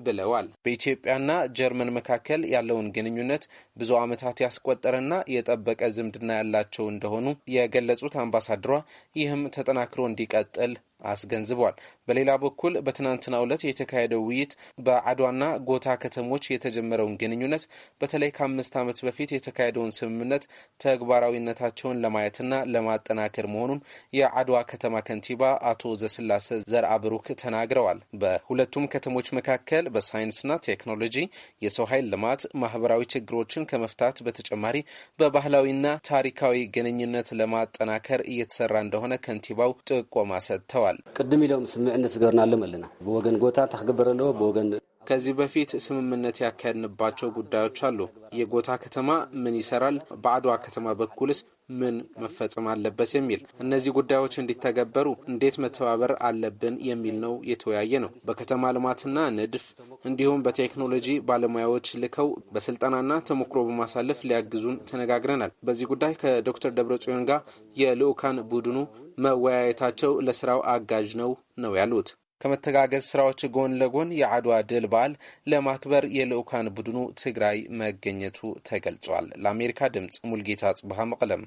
Speaker 13: ብለዋል። በኢትዮጵያና ጀርመን መካከል ያለውን ግንኙነት ብዙ ዓመታት ያስቆጠረና የጠበቀ ዝምድና ያላቸው እንደሆኑ የገለጹት አምባሳደሯ ይህም ተጠናክሮ እንዲቀጥል አስገንዝቧል። በሌላ በኩል በትናንትናው ዕለት የተካሄደው ውይይት በአድዋና ጎታ ከተሞች የተጀመረውን ግንኙነት በተለይ ከአምስት ዓመት በፊት የተካሄደውን ስምምነት ተግባራዊነታቸውን ለማየትና ለማጠናከር መሆኑን የአድዋ ከተማ ከንቲባ አቶ ዘስላሴ ዘርአብሩክ ተናግረዋል። በሁለቱም ከተሞች መካከል በሳይንስና ቴክኖሎጂ፣ የሰው ኃይል ልማት፣ ማህበራዊ ችግሮችን ከመፍታት በተጨማሪ በባህላዊና ታሪካዊ ግንኙነት ለማጠናከር እየተሰራ እንደሆነ ከንቲባው ጥቆማ ሰጥተዋል። ተናግረዋል። ቅድም ኢሎም ስምዕነት ዝገበርናሎም ኣለና
Speaker 1: ብወገን ጎታ እንታ ክግበር ኣለዎ ብወገን
Speaker 13: ከዚህ በፊት ስምምነት ያካሄድንባቸው ጉዳዮች አሉ። የጎታ ከተማ ምን ይሰራል፣ በአድዋ ከተማ በኩልስ ምን መፈጸም አለበት የሚል እነዚህ ጉዳዮች እንዲተገበሩ እንዴት መተባበር አለብን የሚል ነው የተወያየ ነው። በከተማ ልማትና ንድፍ እንዲሁም በቴክኖሎጂ ባለሙያዎች ልከው በስልጠናና ተሞክሮ በማሳለፍ ሊያግዙን ተነጋግረናል። በዚህ ጉዳይ ከዶክተር ደብረ ጽዮን ጋር የልዑካን ቡድኑ መወያየታቸው ለስራው አጋዥ ነው ነው ያሉት። ከመተጋገዝ ስራዎች ጎን ለጎን የአድዋ ድል በዓል ለማክበር የልዑካን ቡድኑ ትግራይ መገኘቱ ተገልጿል። ለአሜሪካ ድምፅ ሙልጌታ ጽብሃ መቀለም።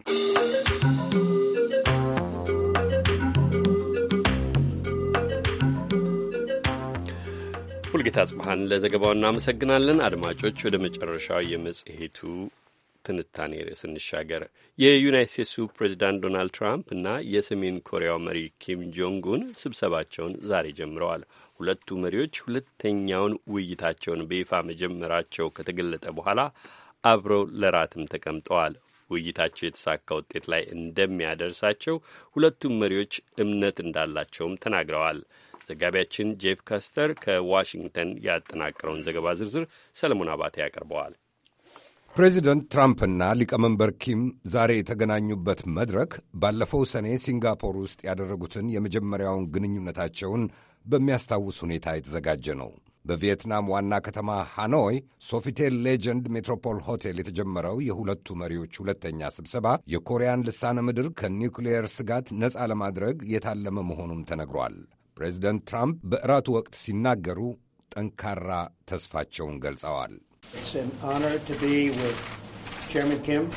Speaker 1: ሙልጌታ ጽብሃን ለዘገባው እናመሰግናለን። አድማጮች ወደ መጨረሻው የመጽሔቱ ትንታኔ ርዕስ እንሻገር። የዩናይት ስቴትሱ ፕሬዚዳንት ዶናልድ ትራምፕ እና የሰሜን ኮሪያው መሪ ኪም ጆንግ ኡን ስብሰባቸውን ዛሬ ጀምረዋል። ሁለቱ መሪዎች ሁለተኛውን ውይይታቸውን በይፋ መጀመራቸው ከተገለጠ በኋላ አብረው ለራትም ተቀምጠዋል። ውይይታቸው የተሳካ ውጤት ላይ እንደሚያደርሳቸው ሁለቱም መሪዎች እምነት እንዳላቸውም ተናግረዋል። ዘጋቢያችን ጄፍ ከስተር ከዋሽንግተን ያጠናቀረውን ዘገባ ዝርዝር ሰለሞን አባቴ ያቀርበዋል።
Speaker 5: ፕሬዚደንት ትራምፕና ሊቀመንበር ኪም ዛሬ የተገናኙበት መድረክ ባለፈው ሰኔ ሲንጋፖር ውስጥ ያደረጉትን የመጀመሪያውን ግንኙነታቸውን በሚያስታውስ ሁኔታ የተዘጋጀ ነው። በቪየትናም ዋና ከተማ ሃኖይ ሶፊቴል ሌጀንድ ሜትሮፖል ሆቴል የተጀመረው የሁለቱ መሪዎች ሁለተኛ ስብሰባ የኮሪያን ልሳነ ምድር ከኒውክሊየር ስጋት ነፃ ለማድረግ የታለመ መሆኑም ተነግሯል። ፕሬዚደንት ትራምፕ በእራቱ ወቅት ሲናገሩ ጠንካራ ተስፋቸውን ገልጸዋል።
Speaker 11: It's an honor
Speaker 10: to be with Chairman Kim.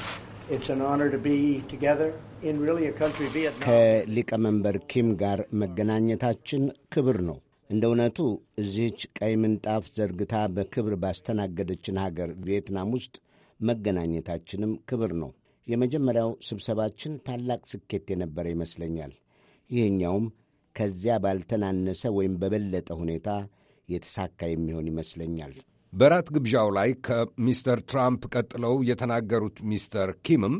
Speaker 10: It's an honor to be together in really
Speaker 1: a country Vietnam.
Speaker 10: ከሊቀመንበር ኪም ጋር መገናኘታችን ክብር ነው። እንደ እውነቱ እዚህች ቀይ ምንጣፍ ዘርግታ በክብር ባስተናገደችን ሀገር ቪየትናም ውስጥ መገናኘታችንም ክብር ነው። የመጀመሪያው ስብሰባችን ታላቅ ስኬት የነበረ ይመስለኛል። ይህኛውም ከዚያ ባልተናነሰ ወይም በበለጠ
Speaker 5: ሁኔታ የተሳካ የሚሆን ይመስለኛል። በራት ግብዣው ላይ ከሚስተር ትራምፕ ቀጥለው የተናገሩት ሚስተር ኪምም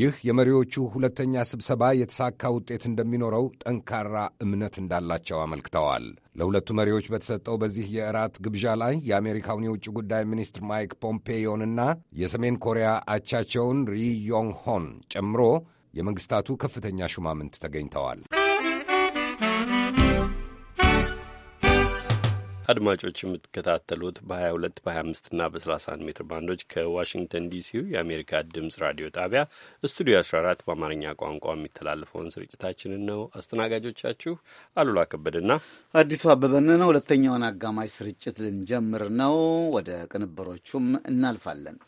Speaker 5: ይህ የመሪዎቹ ሁለተኛ ስብሰባ የተሳካ ውጤት እንደሚኖረው ጠንካራ እምነት እንዳላቸው አመልክተዋል። ለሁለቱ መሪዎች በተሰጠው በዚህ የእራት ግብዣ ላይ የአሜሪካውን የውጭ ጉዳይ ሚኒስትር ማይክ ፖምፔዮንና የሰሜን ኮሪያ አቻቸውን ሪ ዮንግ ሆን ጨምሮ የመንግስታቱ ከፍተኛ ሹማምንት ተገኝተዋል።
Speaker 1: አድማጮች የምትከታተሉት በ22 በ25ና በ31 ሜትር ባንዶች ከዋሽንግተን ዲሲው የአሜሪካ ድምፅ ራዲዮ ጣቢያ ስቱዲዮ 14 በአማርኛ ቋንቋ የሚተላለፈውን ስርጭታችንን ነው። አስተናጋጆቻችሁ አሉላ ከበድና
Speaker 3: አዲሱ ነው። ሁለተኛውን አጋማሽ ስርጭት ልንጀምር ነው። ወደ ቅንብሮቹም እናልፋለን።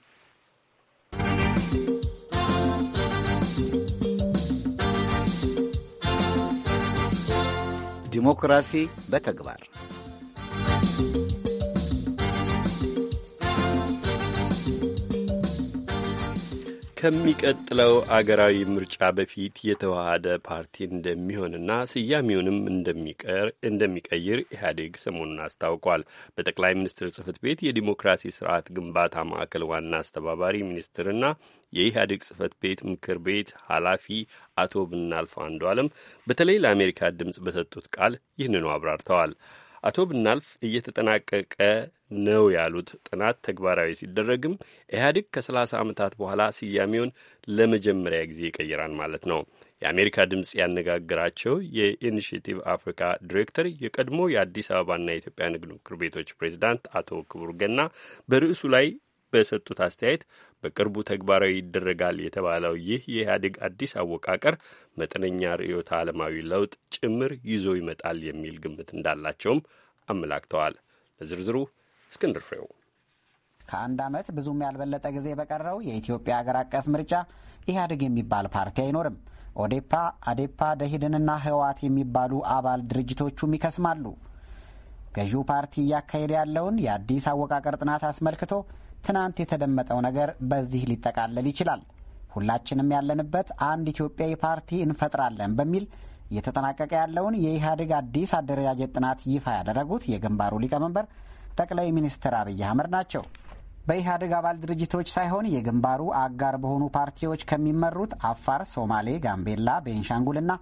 Speaker 3: ዲሞክራሲ በተግባር
Speaker 1: ከሚቀጥለው አገራዊ ምርጫ በፊት የተዋሃደ ፓርቲ እንደሚሆንና ስያሜውንም እንደሚቀይር ኢህአዴግ ሰሞኑን አስታውቋል። በጠቅላይ ሚኒስትር ጽህፈት ቤት የዲሞክራሲ ስርዓት ግንባታ ማዕከል ዋና አስተባባሪ ሚኒስትርና የኢህአዴግ ጽህፈት ቤት ምክር ቤት ኃላፊ አቶ ብናልፍ አንዱ አለም በተለይ ለአሜሪካ ድምፅ በሰጡት ቃል ይህንኑ አብራርተዋል። አቶ ብናልፍ እየተጠናቀቀ ነው ያሉት ጥናት ተግባራዊ ሲደረግም ኢህአዴግ ከ30 ዓመታት በኋላ ስያሜውን ለመጀመሪያ ጊዜ ይቀይራል ማለት ነው። የአሜሪካ ድምፅ ያነጋግራቸው የኢኒሽቲቭ አፍሪካ ዲሬክተር የቀድሞ የአዲስ አበባና የኢትዮጵያ ንግድ ምክር ቤቶች ፕሬዚዳንት አቶ ክቡር ገና በርዕሱ ላይ በሰጡት አስተያየት በቅርቡ ተግባራዊ ይደረጋል የተባለው ይህ የኢህአዴግ አዲስ አወቃቀር መጠነኛ ርዕዮተ ዓለማዊ ለውጥ ጭምር ይዞ ይመጣል የሚል ግምት እንዳላቸውም አመላክተዋል። ለዝርዝሩ እስክንድር ፍሬው
Speaker 14: ከአንድ ዓመት ብዙም ያልበለጠ ጊዜ በቀረው የኢትዮጵያ አገር አቀፍ ምርጫ ኢህአዴግ የሚባል ፓርቲ አይኖርም። ኦዴፓ፣ አዴፓ፣ ደሂድንና ህወሓት የሚባሉ አባል ድርጅቶቹም ይከስማሉ። ገዢው ፓርቲ እያካሄደ ያለውን የአዲስ አወቃቀር ጥናት አስመልክቶ ትናንት የተደመጠው ነገር በዚህ ሊጠቃለል ይችላል። ሁላችንም ያለንበት አንድ ኢትዮጵያዊ ፓርቲ እንፈጥራለን በሚል እየተጠናቀቀ ያለውን የኢህአዴግ አዲስ አደረጃጀት ጥናት ይፋ ያደረጉት የግንባሩ ሊቀመንበር ጠቅላይ ሚኒስትር አብይ አህመድ ናቸው። በኢህአዴግ አባል ድርጅቶች ሳይሆን የግንባሩ አጋር በሆኑ ፓርቲዎች ከሚመሩት አፋር፣ ሶማሌ፣ ጋምቤላ፣ ቤንሻንጉልና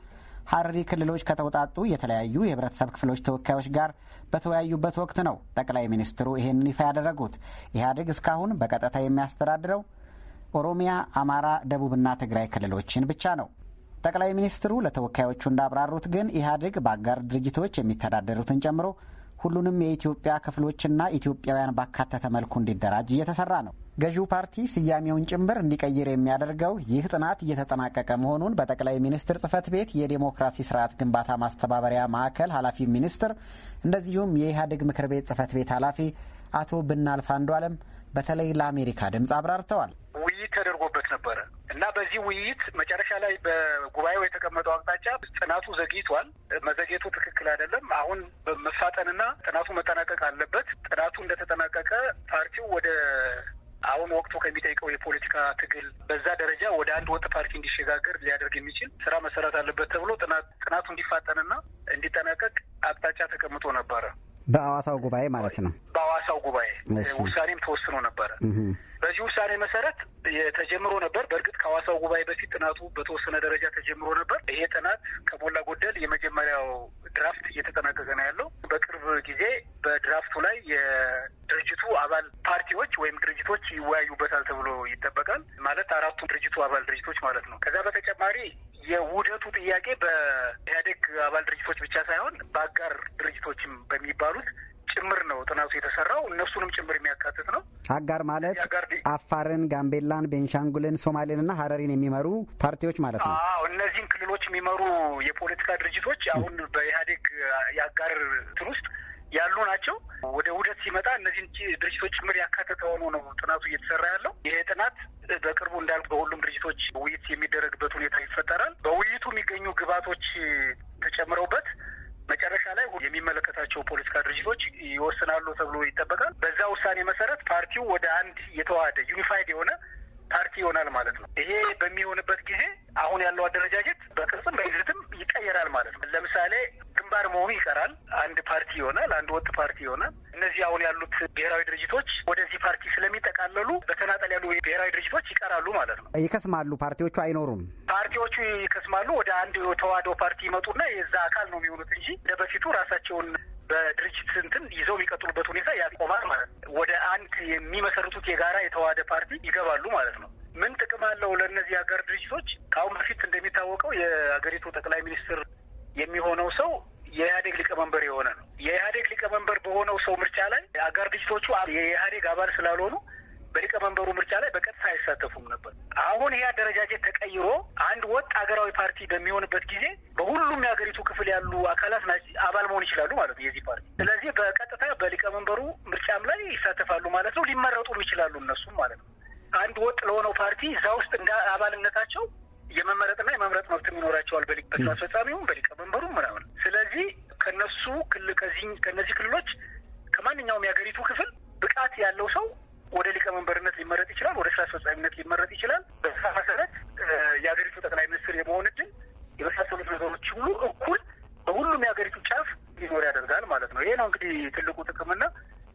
Speaker 14: ሀረሪ ክልሎች ከተውጣጡ የተለያዩ የህብረተሰብ ክፍሎች ተወካዮች ጋር በተወያዩበት ወቅት ነው ጠቅላይ ሚኒስትሩ ይህንን ይፋ ያደረጉት። ኢህአዴግ እስካሁን በቀጥታ የሚያስተዳድረው ኦሮሚያ፣ አማራ፣ ደቡብና ትግራይ ክልሎችን ብቻ ነው። ጠቅላይ ሚኒስትሩ ለተወካዮቹ እንዳብራሩት ግን ኢህአዴግ በአጋር ድርጅቶች የሚተዳደሩትን ጨምሮ ሁሉንም የኢትዮጵያ ክፍሎችና ኢትዮጵያውያን ባካተተ መልኩ እንዲደራጅ እየተሰራ ነው። ገዢው ፓርቲ ስያሜውን ጭምር እንዲቀይር የሚያደርገው ይህ ጥናት እየተጠናቀቀ መሆኑን በጠቅላይ ሚኒስትር ጽህፈት ቤት የዴሞክራሲ ስርዓት ግንባታ ማስተባበሪያ ማዕከል ኃላፊ ሚኒስትር እንደዚሁም የኢህአዴግ ምክር ቤት ጽህፈት ቤት ኃላፊ አቶ ብናልፍ አንዱ አለም በተለይ ለአሜሪካ ድምፅ አብራርተዋል።
Speaker 7: ውይይት ተደርጎበት ነበረ እና በዚህ ውይይት መጨረሻ ላይ በጉባኤው የተቀመጠው አቅጣጫ ጥናቱ ዘግይቷል። መዘግየቱ ትክክል አይደለም። አሁን መፋጠንና ጥናቱ መጠናቀቅ አለበት። ጥናቱ እንደተጠናቀቀ ፓርቲው ወደ አሁን ወቅቱ ከሚጠይቀው የፖለቲካ ትግል በዛ ደረጃ ወደ አንድ ወጥ ፓርቲ እንዲሸጋገር ሊያደርግ የሚችል ስራ መሰራት አለበት ተብሎ ጥናቱ እንዲፋጠንና እንዲጠናቀቅ አቅጣጫ ተቀምጦ ነበረ።
Speaker 14: በአዋሳው ጉባኤ ማለት ነው። በአዋሳው
Speaker 7: ጉባኤ ውሳኔም ተወስኖ ነበረ። በዚህ ውሳኔ መሰረት ተጀምሮ ነበር። በእርግጥ ከአዋሳው ጉባኤ በፊት ጥናቱ በተወሰነ ደረጃ ተጀምሮ ነበር። ይሄ ጥናት ከሞላ ጎደል የመጀመሪያው ድራፍት እየተጠናቀቀ ነው ያለው። በቅርብ ጊዜ በድራፍቱ ላይ የድርጅቱ አባል ፓርቲዎች ወይም ድርጅቶች ይወያዩበታል ተብሎ ይጠበቃል። ማለት አራቱ ድርጅቱ አባል ድርጅቶች ማለት ነው። ከዛ በተጨማሪ የውህደቱ ጥያቄ በኢህአዴግ አባል ድርጅቶች ብቻ ሳይሆን በአጋር ድርጅቶችም
Speaker 14: በሚባሉት ጭምር ነው ጥናቱ የተሰራው። እነሱንም ጭምር የሚያካትት ነው። አጋር ማለት አፋርን፣ ጋምቤላን፣ ቤንሻንጉልን፣ ሶማሌን እና ሀረሪን የሚመሩ ፓርቲዎች ማለት ነው። አዎ እነዚህን
Speaker 7: ክልሎች የሚመሩ የፖለቲካ ድርጅቶች አሁን በኢህአዴግ የአጋር እንትን ውስጥ ያሉ ናቸው። ወደ ውህደት ሲመጣ እነዚህን ድርጅቶች ጭምር ያካተተ ሆኖ ነው ጥናቱ እየተሰራ ያለው። ይሄ ጥናት በቅርቡ እንዳልኩ በሁሉም ድርጅቶች ውይይት የሚደረግበት ሁኔታ ይፈጠራል። በውይይቱ የሚገኙ ግብዓቶች ተጨምረውበት መጨረሻ ላይ የሚመለከታቸው ፖለቲካ ድርጅቶች ይወስናሉ ተብሎ ይጠበቃል። በዛ ውሳኔ መሰረት ፓርቲው ወደ አንድ የተዋሃደ ዩኒፋይድ የሆነ ፓርቲ ይሆናል ማለት ነው። ይሄ በሚሆንበት ጊዜ አሁን ያለው አደረጃጀት በቅርጽም በይዘትም ይቀየራል ማለት ነው። ለምሳሌ ግንባር መሆኑ ይቀራል። አንድ ፓርቲ ይሆናል። አንድ ወጥ ፓርቲ ይሆናል። እነዚህ አሁን ያሉት ብሔራዊ ድርጅቶች ወደዚህ ፓርቲ ስለሚጠቃለሉ በተናጠል ያሉ ብሔራዊ ድርጅቶች ይቀራሉ
Speaker 14: ማለት ነው። ይከስማሉ። ፓርቲዎቹ አይኖሩም። ፓርቲዎቹ
Speaker 7: ይከስማሉ። ወደ አንድ ተዋህዶ ፓርቲ ይመጡና የዛ አካል ነው የሚሆኑት እንጂ እንደ በፊቱ ራሳቸውን በድርጅት እንትን ይዘው የሚቀጥሉበት ሁኔታ ያቆማል ማለት ነው። ወደ አንድ የሚመሰርቱት የጋራ የተዋሃደ ፓርቲ ይገባሉ ማለት ነው። ምን ጥቅም አለው ለእነዚህ ሀገር ድርጅቶች? ከአሁን በፊት እንደሚታወቀው የሀገሪቱ ጠቅላይ ሚኒስትር የሚሆነው ሰው የኢህአዴግ ሊቀመንበር የሆነ ነው። የኢህአዴግ ሊቀመንበር በሆነው ሰው ምርጫ ላይ አጋር ድርጅቶቹ የኢህአዴግ አባል ስላልሆኑ በሊቀመንበሩ ምርጫ ላይ በቀጥታ አይሳተፉም ነበር። አሁን ይህ አደረጃጀት ተቀይሮ አንድ ወጥ ሀገራዊ ፓርቲ በሚሆንበት ጊዜ በሁሉም የሀገሪቱ ክፍል ያሉ አካላት አባል መሆን ይችላሉ ማለት ነው የዚህ ፓርቲ። ስለዚህ በቀጥታ በሊቀመንበሩ ምርጫም ላይ ይሳተፋሉ ማለት ነው። ሊመረጡም ይችላሉ እነሱም ማለት ነው። አንድ ወጥ ለሆነው ፓርቲ እዛ ውስጥ እንደ አባልነታቸው የመመረጥና የመምረጥ መብት ይኖራቸዋል በስራ አስፈጻሚውም በሊቀመንበሩም ምናምን። ስለዚህ ከነሱ ከነዚህ ክልሎች ከማንኛውም የሀገሪቱ ክፍል ብቃት ያለው ሰው ወደ ሊቀመንበርነት ሊመረጥ ይችላል፣ ወደ ስራ አስፈጻሚነት ሊመረጥ ይችላል። በዛ መሰረት የሀገሪቱ ጠቅላይ ሚኒስትር የመሆን እድል የመሳሰሉት ነገሮች ሁሉ እኩል በሁሉም የሀገሪቱ ጫፍ ሊኖር ያደርጋል ማለት ነው። ይሄ ነው እንግዲህ ትልቁ ጥቅምና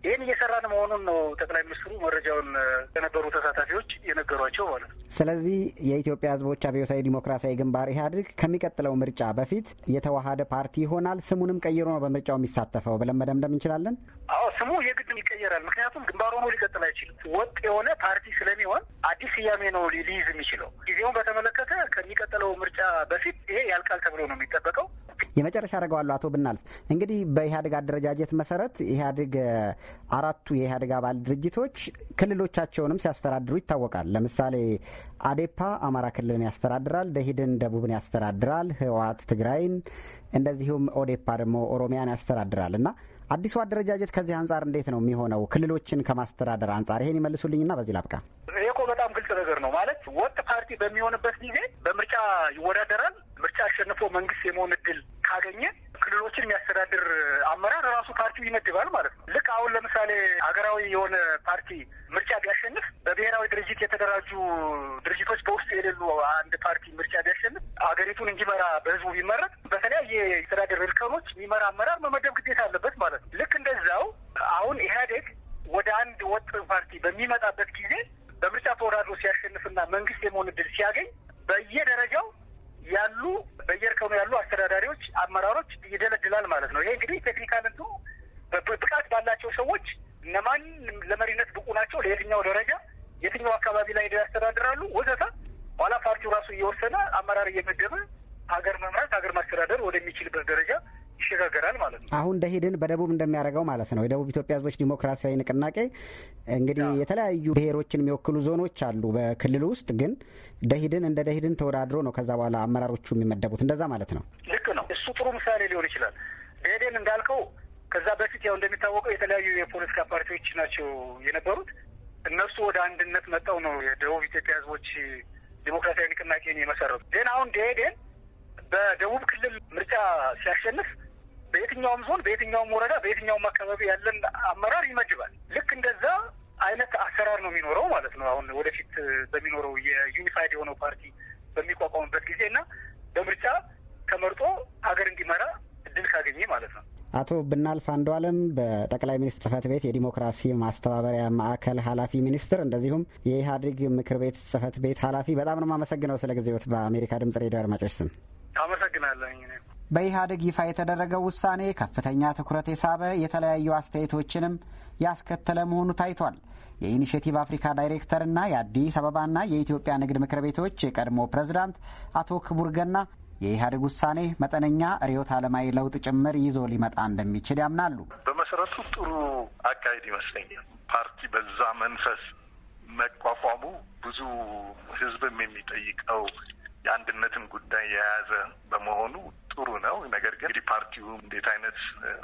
Speaker 7: ይህን እየሰራን መሆኑን ነው ጠቅላይ ሚኒስትሩ መረጃውን የነበሩ ተሳታፊዎች የነገሯቸው ማለት ነው።
Speaker 14: ስለዚህ የኢትዮጵያ ሕዝቦች አብዮታዊ ዲሞክራሲያዊ ግንባር ኢህአዴግ ከሚቀጥለው ምርጫ በፊት የተዋሃደ ፓርቲ ይሆናል፣ ስሙንም ቀይሮ ነው በምርጫው የሚሳተፈው ብለን መደምደም እንችላለን።
Speaker 7: አዎ ስሙ የግድም ይቀየራል። ምክንያቱም ግንባር ሆኖ ሊቀጥል አይችልም። ወጥ የሆነ ፓርቲ ስለሚሆን አዲስ ስያሜ ነው ሊይዝ የሚችለው። ጊዜውን በተመለከተ ከሚቀጥለው ምርጫ በፊት ይሄ ያልቃል ተብሎ ነው
Speaker 14: የሚጠበቀው። የመጨረሻ አደርገዋለሁ። አቶ ብናልፍ እንግዲህ በኢህአዴግ አደረጃጀት መሰረት ኢህአዴግ አራቱ የኢህአዴግ አባል ድርጅቶች ክልሎቻቸውንም ሲያስተዳድሩ ይታወቃል። ለምሳሌ አዴፓ አማራ ክልልን ያስተዳድራል፣ ደሂድን ደቡብን ያስተዳድራል፣ ህወሓት ትግራይን፣ እንደዚሁም ኦዴፓ ደግሞ ኦሮሚያን ያስተዳድራል እና አዲሱ አደረጃጀት ከዚህ አንጻር እንዴት ነው የሚሆነው? ክልሎችን ከማስተዳደር አንጻር ይሄን ይመልሱልኝና በዚህ ላብቃ።
Speaker 7: ነገር ነው ማለት ወጥ ፓርቲ በሚሆንበት ጊዜ በምርጫ ይወዳደራል። ምርጫ አሸንፎ መንግስት የመሆን እድል ካገኘ ክልሎችን የሚያስተዳድር አመራር ራሱ ፓርቲው ይመድባል ማለት ነው። ልክ አሁን ለምሳሌ ሀገራዊ የሆነ ፓርቲ ምርጫ ቢያሸንፍ በብሔራዊ ድርጅት የተደራጁ ድርጅቶች በውስጡ የሌሉ አንድ ፓርቲ ምርጫ ቢያሸንፍ ሀገሪቱን እንዲመራ በህዝቡ ቢመረጥ በተለያየ የአስተዳደር እርከኖች የሚመራ አመራር መመደብ ግዴታ አለበት ማለት ነው። ልክ እንደዛው አሁን ኢህአዴግ ወደ አንድ ወጥ ፓርቲ በሚመጣበት ጊዜ በምርጫ ተወዳድሮ ሲያሸንፍና መንግስት የመሆን እድል ሲያገኝ በየደረጃው ያሉ በየእርከኑ ያሉ አስተዳዳሪዎች፣ አመራሮች ይደለድላል ማለት ነው። ይሄ እንግዲህ ቴክኒካል እንትኑ ብቃት ባላቸው ሰዎች እነማን ለመሪነት ብቁ ናቸው፣ ለየትኛው ደረጃ የትኛው አካባቢ ላይ ሄደው ያስተዳድራሉ ወዘተ ኋላ ፓርቲው ራሱ እየወሰነ አመራር እየመደበ ሀገር መምራት ሀገር ማስተዳደር
Speaker 14: ወደሚችልበት ደረጃ ይሸጋገራል ማለት ነው። አሁን ደሄድን በደቡብ እንደሚያደርገው ማለት ነው። የደቡብ ኢትዮጵያ ህዝቦች ዲሞክራሲያዊ ንቅናቄ እንግዲህ የተለያዩ ብሔሮችን የሚወክሉ ዞኖች አሉ በክልሉ ውስጥ ግን ደሂድን እንደ ደሂድን ተወዳድሮ ነው ከዛ በኋላ አመራሮቹ የሚመደቡት እንደዛ ማለት ነው።
Speaker 7: ልክ ነው። እሱ ጥሩ ምሳሌ ሊሆን ይችላል። ደሂድን እንዳልከው ከዛ በፊት ያው እንደሚታወቀው የተለያዩ የፖለቲካ ፓርቲዎች ናቸው የነበሩት። እነሱ ወደ አንድነት መጠው ነው የደቡብ ኢትዮጵያ ህዝቦች ዲሞክራሲያዊ ንቅናቄን የመሰረቱ። ግን አሁን ደሄድን በደቡብ ክልል ምርጫ ሲያሸንፍ በየትኛውም ዞን፣ በየትኛውም ወረዳ፣ በየትኛውም አካባቢ ያለን አመራር ይመድባል። ልክ እንደዛ አይነት አሰራር ነው የሚኖረው ማለት ነው። አሁን ወደፊት በሚኖረው የዩኒፋይድ የሆነው ፓርቲ በሚቋቋምበት ጊዜ እና በምርጫ ተመርጦ ሀገር እንዲመራ እድል ካገኘ ማለት
Speaker 14: ነው። አቶ ብናልፍ አንዱ አለም በጠቅላይ ሚኒስትር ጽህፈት ቤት የዲሞክራሲ ማስተባበሪያ ማዕከል ኃላፊ ሚኒስትር፣ እንደዚሁም የኢህአዴግ ምክር ቤት ጽህፈት ቤት ኃላፊ፣ በጣም ነው የማመሰግነው ስለ ጊዜዎት በአሜሪካ ድምጽ ሬዲዮ አድማጮች ስም
Speaker 8: አመሰግናለሁ።
Speaker 14: በኢህአዴግ ይፋ የተደረገው ውሳኔ ከፍተኛ ትኩረት የሳበ የተለያዩ አስተያየቶችንም ያስከተለ መሆኑ ታይቷል። የኢኒሽቲቭ አፍሪካ ዳይሬክተርና የአዲስ አበባና የኢትዮጵያ ንግድ ምክር ቤቶች የቀድሞ ፕሬዝዳንት አቶ ክቡር ገና የኢህአዴግ ውሳኔ መጠነኛ ርዕዮተ ዓለማዊ ለውጥ ጭምር ይዞ ሊመጣ እንደሚችል ያምናሉ።
Speaker 15: በመሰረቱ ጥሩ አካሄድ ይመስለኛል። ፓርቲ በዛ መንፈስ መቋቋሙ ብዙ ህዝብም የሚጠይቀው የአንድነትን ጉዳይ የያዘ በመሆኑ ጥሩ ነው። ነገር ግን እንግዲህ ፓርቲው እንዴት አይነት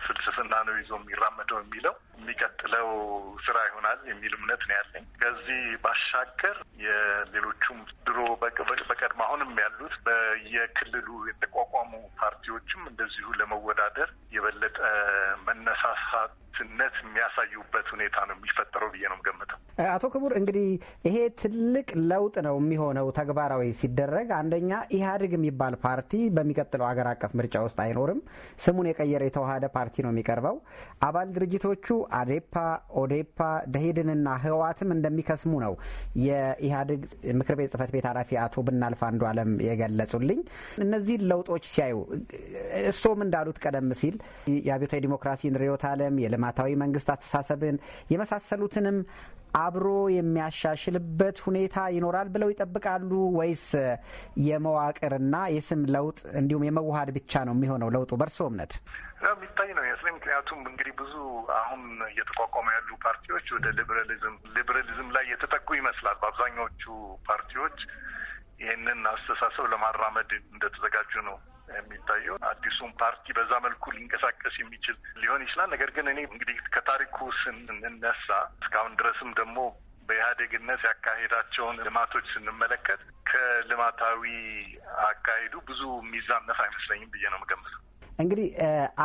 Speaker 15: ፍልስፍና ነው ይዞ የሚራመደው የሚለው የሚቀጥለው ስራ ይሆናል የሚል እምነት ነው ያለኝ። ከዚህ ባሻገር የሌሎቹም ድሮ በቀድሞ አሁን ያሉት በየክልሉ የተቋቋሙ ፓርቲዎችም እንደዚሁ ለመወዳደር የበለጠ መነሳሳት የሚያሳዩበት ሁኔታ ነው የሚፈጠረው ብዬ ነው ገምተው።
Speaker 14: አቶ ክቡር እንግዲህ ይሄ ትልቅ ለውጥ ነው የሚሆነው ተግባራዊ ሲደረግ። አንደኛ ኢህአዴግ የሚባል ፓርቲ በሚቀጥለው አገር አቀፍ ምርጫ ውስጥ አይኖርም። ስሙን የቀየረ የተዋሃደ ፓርቲ ነው የሚቀርበው። አባል ድርጅቶቹ አዴፓ፣ ኦዴፓ፣ ደሄድንና ህወሓትም እንደሚከስሙ ነው የኢህአዴግ ምክር ቤት ጽህፈት ቤት ኃላፊ አቶ ብናልፍ አንዱ አለም የገለጹልኝ። እነዚህን ለውጦች ሲያዩ እርስዎም እንዳሉት ቀደም ሲል የአብዮታዊ ዲሞክራሲን ርዕዮተ ዓለም የልማታዊ መንግስት አስተሳሰብን የመሳሰሉትንም አብሮ የሚያሻሽልበት ሁኔታ ይኖራል ብለው ይጠብቃሉ ወይስ የመዋቅርና የስም ለውጥ እንዲሁም የመዋሃድ ብቻ ነው የሚሆነው ለውጡ በእርስዎ እምነት?
Speaker 15: የሚታይ ነው ይመስለኝ። ምክንያቱም እንግዲህ ብዙ አሁን እየተቋቋመ ያሉ ፓርቲዎች ወደ ሊበራሊዝም ሊበራሊዝም ላይ የተጠጉ ይመስላል በአብዛኛዎቹ ፓርቲዎች ይህንን አስተሳሰብ ለማራመድ እንደተዘጋጁ ነው የሚታየው። አዲሱም ፓርቲ በዛ መልኩ ሊንቀሳቀስ የሚችል ሊሆን ይችላል። ነገር ግን እኔ እንግዲህ ከታሪኩ ስንነሳ እስካሁን ድረስም ደግሞ በኢህአዴግነት ያካሄዳቸውን ልማቶች ስንመለከት ከልማታዊ አካሄዱ ብዙ የሚዛነፍ አይመስለኝም ብዬ ነው የምገምተው።
Speaker 14: እንግዲህ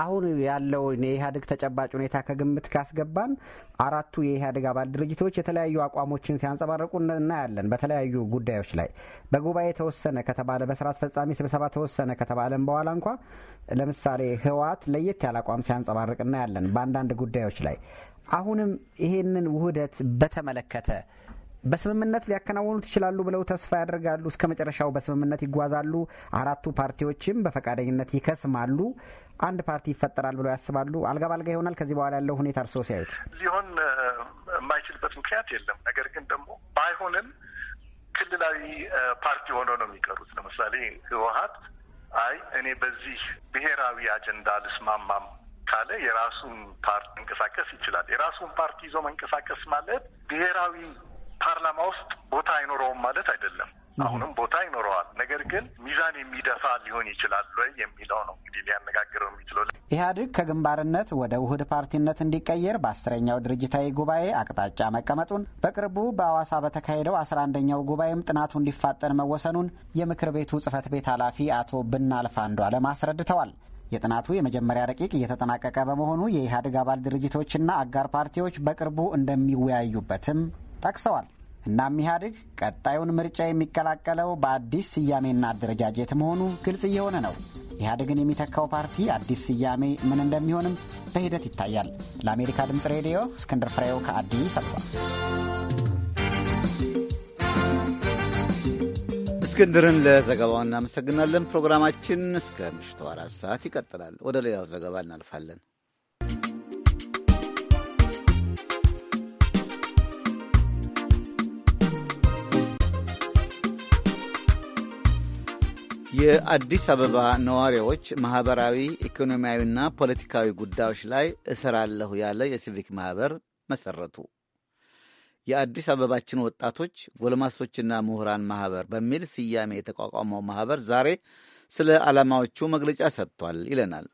Speaker 14: አሁን ያለው የኢህአዴግ ተጨባጭ ሁኔታ ከግምት ካስገባን አራቱ የኢህአዴግ አባል ድርጅቶች የተለያዩ አቋሞችን ሲያንጸባርቁ እናያለን። በተለያዩ ጉዳዮች ላይ በጉባኤ ተወሰነ ከተባለ፣ በስራ አስፈጻሚ ስብሰባ ተወሰነ ከተባለም በኋላ እንኳ ለምሳሌ ህወሓት ለየት ያለ አቋም ሲያንጸባርቅ እናያለን በአንዳንድ ጉዳዮች ላይ። አሁንም ይሄንን ውህደት በተመለከተ በስምምነት ሊያከናውኑት ይችላሉ ብለው ተስፋ ያደርጋሉ። እስከ መጨረሻው በስምምነት ይጓዛሉ። አራቱ ፓርቲዎችም በፈቃደኝነት ይከስማሉ። አንድ ፓርቲ ይፈጠራል ብለው ያስባሉ። አልጋ ባልጋ ይሆናል። ከዚህ በኋላ ያለው ሁኔታ እርስዎ ሲያዩት
Speaker 15: ሊሆን የማይችልበት ምክንያት የለም። ነገር ግን ደግሞ ባይሆንም ክልላዊ ፓርቲ ሆኖ ነው የሚቀሩት። ለምሳሌ ህወሀት አይ እኔ በዚህ ብሔራዊ አጀንዳ አልስማማም ካለ የራሱን ፓርቲ መንቀሳቀስ ይችላል። የራሱን ፓርቲ ይዞ መንቀሳቀስ ማለት ብሔራዊ ፓርላማ ውስጥ ቦታ አይኖረውም ማለት አይደለም። አሁንም ቦታ ይኖረዋል። ነገር ግን ሚዛን የሚደፋ ሊሆን ይችላል ወይ የሚለው ነው እንግዲህ ሊያነጋግረው የሚችለው።
Speaker 14: ኢህአዴግ ከግንባርነት ወደ ውህድ ፓርቲነት እንዲቀየር በአስረኛው ድርጅታዊ ጉባኤ አቅጣጫ መቀመጡን በቅርቡ በአዋሳ በተካሄደው አስራ አንደኛው ጉባኤም ጥናቱ እንዲፋጠን መወሰኑን የምክር ቤቱ ጽህፈት ቤት ኃላፊ አቶ ብናልፍ አንዷለም አስረድተዋል። የጥናቱ የመጀመሪያ ረቂቅ እየተጠናቀቀ በመሆኑ የኢህአዴግ አባል ድርጅቶችና አጋር ፓርቲዎች በቅርቡ እንደሚወያዩበትም ጠቅሰዋል። እናም ኢህአዴግ ቀጣዩን ምርጫ የሚቀላቀለው በአዲስ ስያሜና አደረጃጀት መሆኑ ግልጽ እየሆነ ነው። ኢህአዴግን የሚተካው ፓርቲ አዲስ ስያሜ ምን እንደሚሆንም በሂደት ይታያል። ለአሜሪካ ድምፅ ሬዲዮ እስክንድር ፍሬው ከአዲስ አበባ። እስክንድርን ለዘገባው እናመሰግናለን። ፕሮግራማችን
Speaker 3: እስከ ምሽቱ አራት ሰዓት ይቀጥላል። ወደ ሌላው ዘገባ እናልፋለን። የአዲስ አበባ ነዋሪዎች ማኅበራዊ ኢኮኖሚያዊና ፖለቲካዊ ጉዳዮች ላይ እሰራለሁ ያለ የሲቪክ ማኅበር መሠረቱ። የአዲስ አበባችን ወጣቶች ጎልማሶችና ምሁራን ማኅበር በሚል ስያሜ የተቋቋመው ማኅበር ዛሬ ስለ ዓላማዎቹ መግለጫ ሰጥቷል ይለናል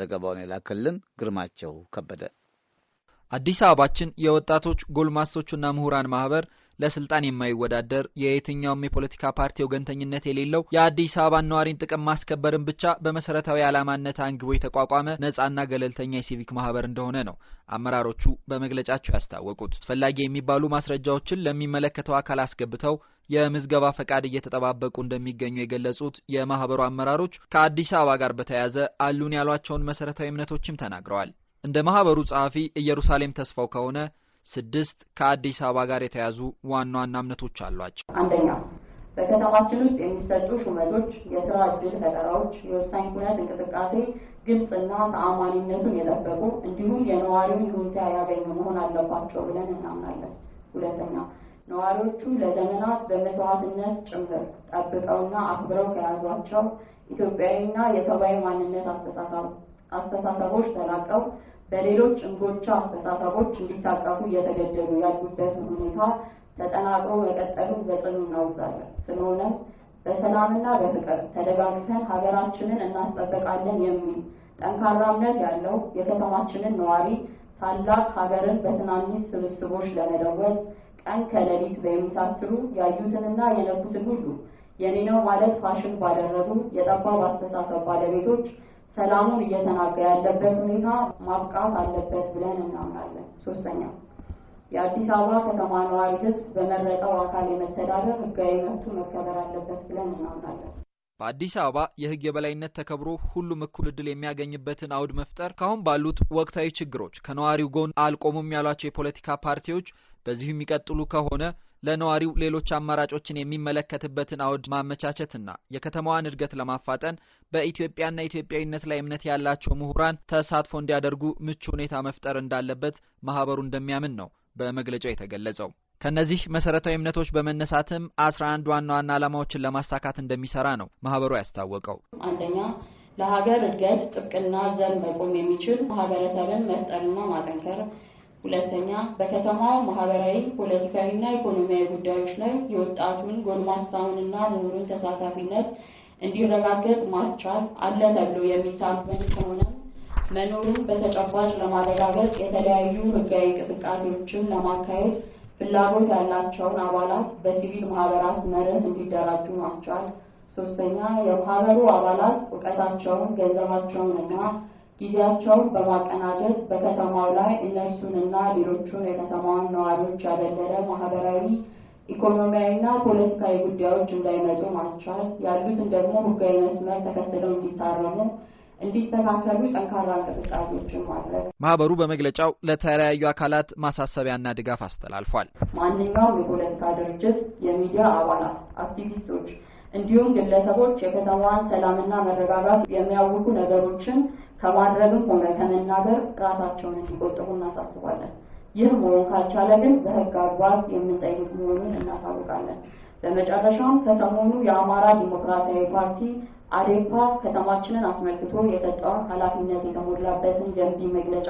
Speaker 3: ዘገባውን የላከልን ግርማቸው ከበደ።
Speaker 16: አዲስ አበባችን የወጣቶች ጎልማሶችና ምሁራን ማኅበር ለስልጣን የማይወዳደር የየትኛውም የፖለቲካ ፓርቲ ወገንተኝነት የሌለው የአዲስ አበባ ነዋሪን ጥቅም ማስከበርን ብቻ በመሰረታዊ ዓላማነት አንግቦ የተቋቋመ ነጻና ገለልተኛ የሲቪክ ማህበር እንደሆነ ነው አመራሮቹ በመግለጫቸው ያስታወቁት። አስፈላጊ የሚባሉ ማስረጃዎችን ለሚመለከተው አካል አስገብተው የምዝገባ ፈቃድ እየተጠባበቁ እንደሚገኙ የገለጹት የማህበሩ አመራሮች ከአዲስ አበባ ጋር በተያያዘ አሉን ያሏቸውን መሰረታዊ እምነቶችም ተናግረዋል። እንደ ማህበሩ ጸሐፊ ኢየሩሳሌም ተስፋው ከሆነ ስድስት ከአዲስ አበባ ጋር የተያዙ ዋና ዋና እምነቶች አሏቸው። አንደኛው
Speaker 17: በከተማችን ውስጥ የሚሰጡ ሹመቶች፣ የስራ እድል ፈጠራዎች፣ የወሳኝ ኩነት እንቅስቃሴ ግልጽና ተአማኒነቱን የጠበቁ እንዲሁም የነዋሪውን ይሁንታ ያገኙ መሆን አለባቸው ብለን እናምናለን። ሁለተኛ ነዋሪዎቹ ለዘመናት በመስዋዕትነት ጭምር ጠብቀውና አክብረው ከያዟቸው ኢትዮጵያዊና የሰብአዊ ማንነት አስተሳሰቦች ተላቀው በሌሎች እንጎቻ አስተሳሰቦች እንዲታቀፉ እየተገደዱ ያሉበትን ሁኔታ ተጠናቅሮ መቀጠሉን በጽኑ እናውዛለን። ስለሆነም በሰላምና በፍቅር ተደጋግፈን ሀገራችንን እናስጠበቃለን የሚል ጠንካራ እምነት ያለው የከተማችንን ነዋሪ ታላቅ ሀገርን በትናንሽ ስብስቦች ለመለወጥ ቀን ከሌሊት በሚታትሩ ያዩትንና የነኩትን ሁሉ የኔ ነው ማለት ፋሽን ባደረጉ የጠባብ አስተሳሰብ ባለቤቶች ሰላሙን እየተናገ ያለበት ሁኔታ ማብቃት አለበት ብለን እናምናለን። ሶስተኛው የአዲስ አበባ ከተማ ነዋሪ ህዝብ በመረጠው አካል የመተዳደር ህጋዊ መብቱ መከበር አለበት ብለን እናምናለን።
Speaker 16: በአዲስ አበባ የህግ የበላይነት ተከብሮ ሁሉም እኩል እድል የሚያገኝበትን አውድ መፍጠር ካሁን ባሉት ወቅታዊ ችግሮች ከነዋሪው ጎን አልቆሙም ያሏቸው የፖለቲካ ፓርቲዎች በዚሁ የሚቀጥሉ ከሆነ ለነዋሪው ሌሎች አማራጮችን የሚመለከትበትን አውድ ማመቻቸትና የከተማዋን እድገት ለማፋጠን በኢትዮጵያና ኢትዮጵያዊነት ላይ እምነት ያላቸው ምሁራን ተሳትፎ እንዲያደርጉ ምቹ ሁኔታ መፍጠር እንዳለበት ማህበሩ እንደሚያምን ነው በመግለጫው የተገለጸው። ከነዚህ መሰረታዊ እምነቶች በመነሳትም አስራ አንድ ዋና ዋና ዓላማዎችን ለማሳካት እንደሚሰራ ነው ማህበሩ ያስታወቀው።
Speaker 17: አንደኛ ለሀገር እድገት ጥብቅና ዘን መቆም የሚችል ማህበረሰብን መፍጠርና ማጠንከር ሁለተኛ በከተማ ማህበራዊ፣ ፖለቲካዊና ኢኮኖሚያዊ ጉዳዮች ላይ የወጣቱን ጎልማሳውንና ምሁሩን ተሳታፊነት እንዲረጋገጥ ማስቻል አለ ተብሎ የሚታመን ከሆነ መኖሩን በተጨባጭ ለማረጋገጥ የተለያዩ ህጋዊ እንቅስቃሴዎችን ለማካሄድ ፍላጎት ያላቸውን አባላት በሲቪል ማህበራት መርህ እንዲደራጁ ማስቻል። ሶስተኛ የማህበሩ አባላት እውቀታቸውን፣ ገንዘባቸውን እና ጊዜያቸውን በማቀናጀት በከተማው ላይ እነሱንና ሌሎቹን የከተማውን ነዋሪዎች ያገለለ ማህበራዊ፣ ኢኮኖሚያዊና ፖለቲካዊ ጉዳዮች እንዳይመጡ ማስቻል፣ ያሉትን ደግሞ ህጋዊ መስመር ተከትለው እንዲታረሙ እንዲስተካከሉ ጠንካራ እንቅስቃሴዎችን ማድረግ።
Speaker 16: ማህበሩ በመግለጫው ለተለያዩ አካላት ማሳሰቢያና ድጋፍ አስተላልፏል።
Speaker 17: ማንኛውም የፖለቲካ ድርጅት፣ የሚዲያ አባላት፣ አክቲቪስቶች እንዲሁም ግለሰቦች የከተማዋን ሰላምና መረጋጋት የሚያውቁ ነገሮችን ከማድረግም ሆነ ከመናገር ራሳቸውን እንዲቆጥቡ እናሳስባለን። ይህ መሆን ካልቻለ ግን በሕግ አግባብ የምንጠይቅ መሆኑን እናሳውቃለን። በመጨረሻም ከሰሞኑ የአማራ ዲሞክራሲያዊ ፓርቲ አዴፓ ከተማችንን አስመልክቶ የሰጠውን ኃላፊነት የተሞላበትን ገንቢ መግለጫ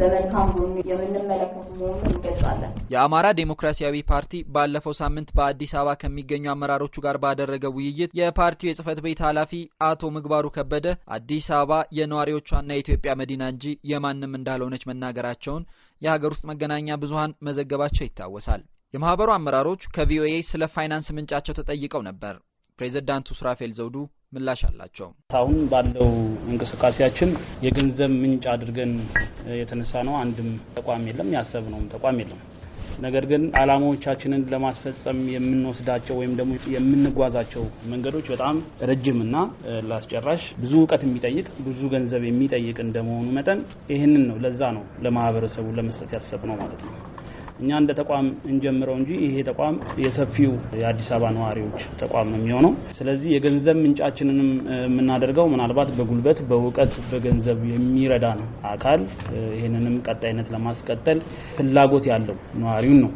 Speaker 17: በመልካም ጎኑ የምንመለከት መሆኑን እንገልጻለን።
Speaker 16: የአማራ ዴሞክራሲያዊ ፓርቲ ባለፈው ሳምንት በአዲስ አበባ ከሚገኙ አመራሮቹ ጋር ባደረገ ውይይት የፓርቲው የጽህፈት ቤት ኃላፊ አቶ ምግባሩ ከበደ አዲስ አበባ የነዋሪዎቿና የኢትዮጵያ መዲና እንጂ የማንም እንዳልሆነች መናገራቸውን የሀገር ውስጥ መገናኛ ብዙሀን መዘገባቸው ይታወሳል። የማህበሩ አመራሮች ከቪኦኤ ስለ ፋይናንስ ምንጫቸው ተጠይቀው ነበር። ፕሬዚዳንቱ ሱራፌል ዘውዱ ምላሽ አላቸው።
Speaker 18: አሁን ባለው እንቅስቃሴያችን የገንዘብ ምንጭ አድርገን የተነሳ ነው። አንድም ተቋም የለም፣ ያሰብነውም ተቋም የለም። ነገር ግን አላማዎቻችንን ለማስፈጸም የምንወስዳቸው ወይም ደግሞ የምንጓዛቸው መንገዶች በጣም ረጅምና ላስጨራሽ ብዙ እውቀት የሚጠይቅ ብዙ ገንዘብ የሚጠይቅ እንደመሆኑ መጠን ይህንን ነው ለዛ ነው ለማህበረሰቡ ለመስጠት ያሰብነው ማለት ነው። እኛ እንደ ተቋም እንጀምረው እንጂ ይሄ ተቋም የሰፊው የአዲስ አበባ ነዋሪዎች ተቋም ነው የሚሆነው። ስለዚህ የገንዘብ ምንጫችንንም የምናደርገው ምናልባት በጉልበት በእውቀት፣ በገንዘብ የሚረዳን አካል ይህንንም ቀጣይነት ለማስቀጠል ፍላጎት ያለው ነዋሪውን ነው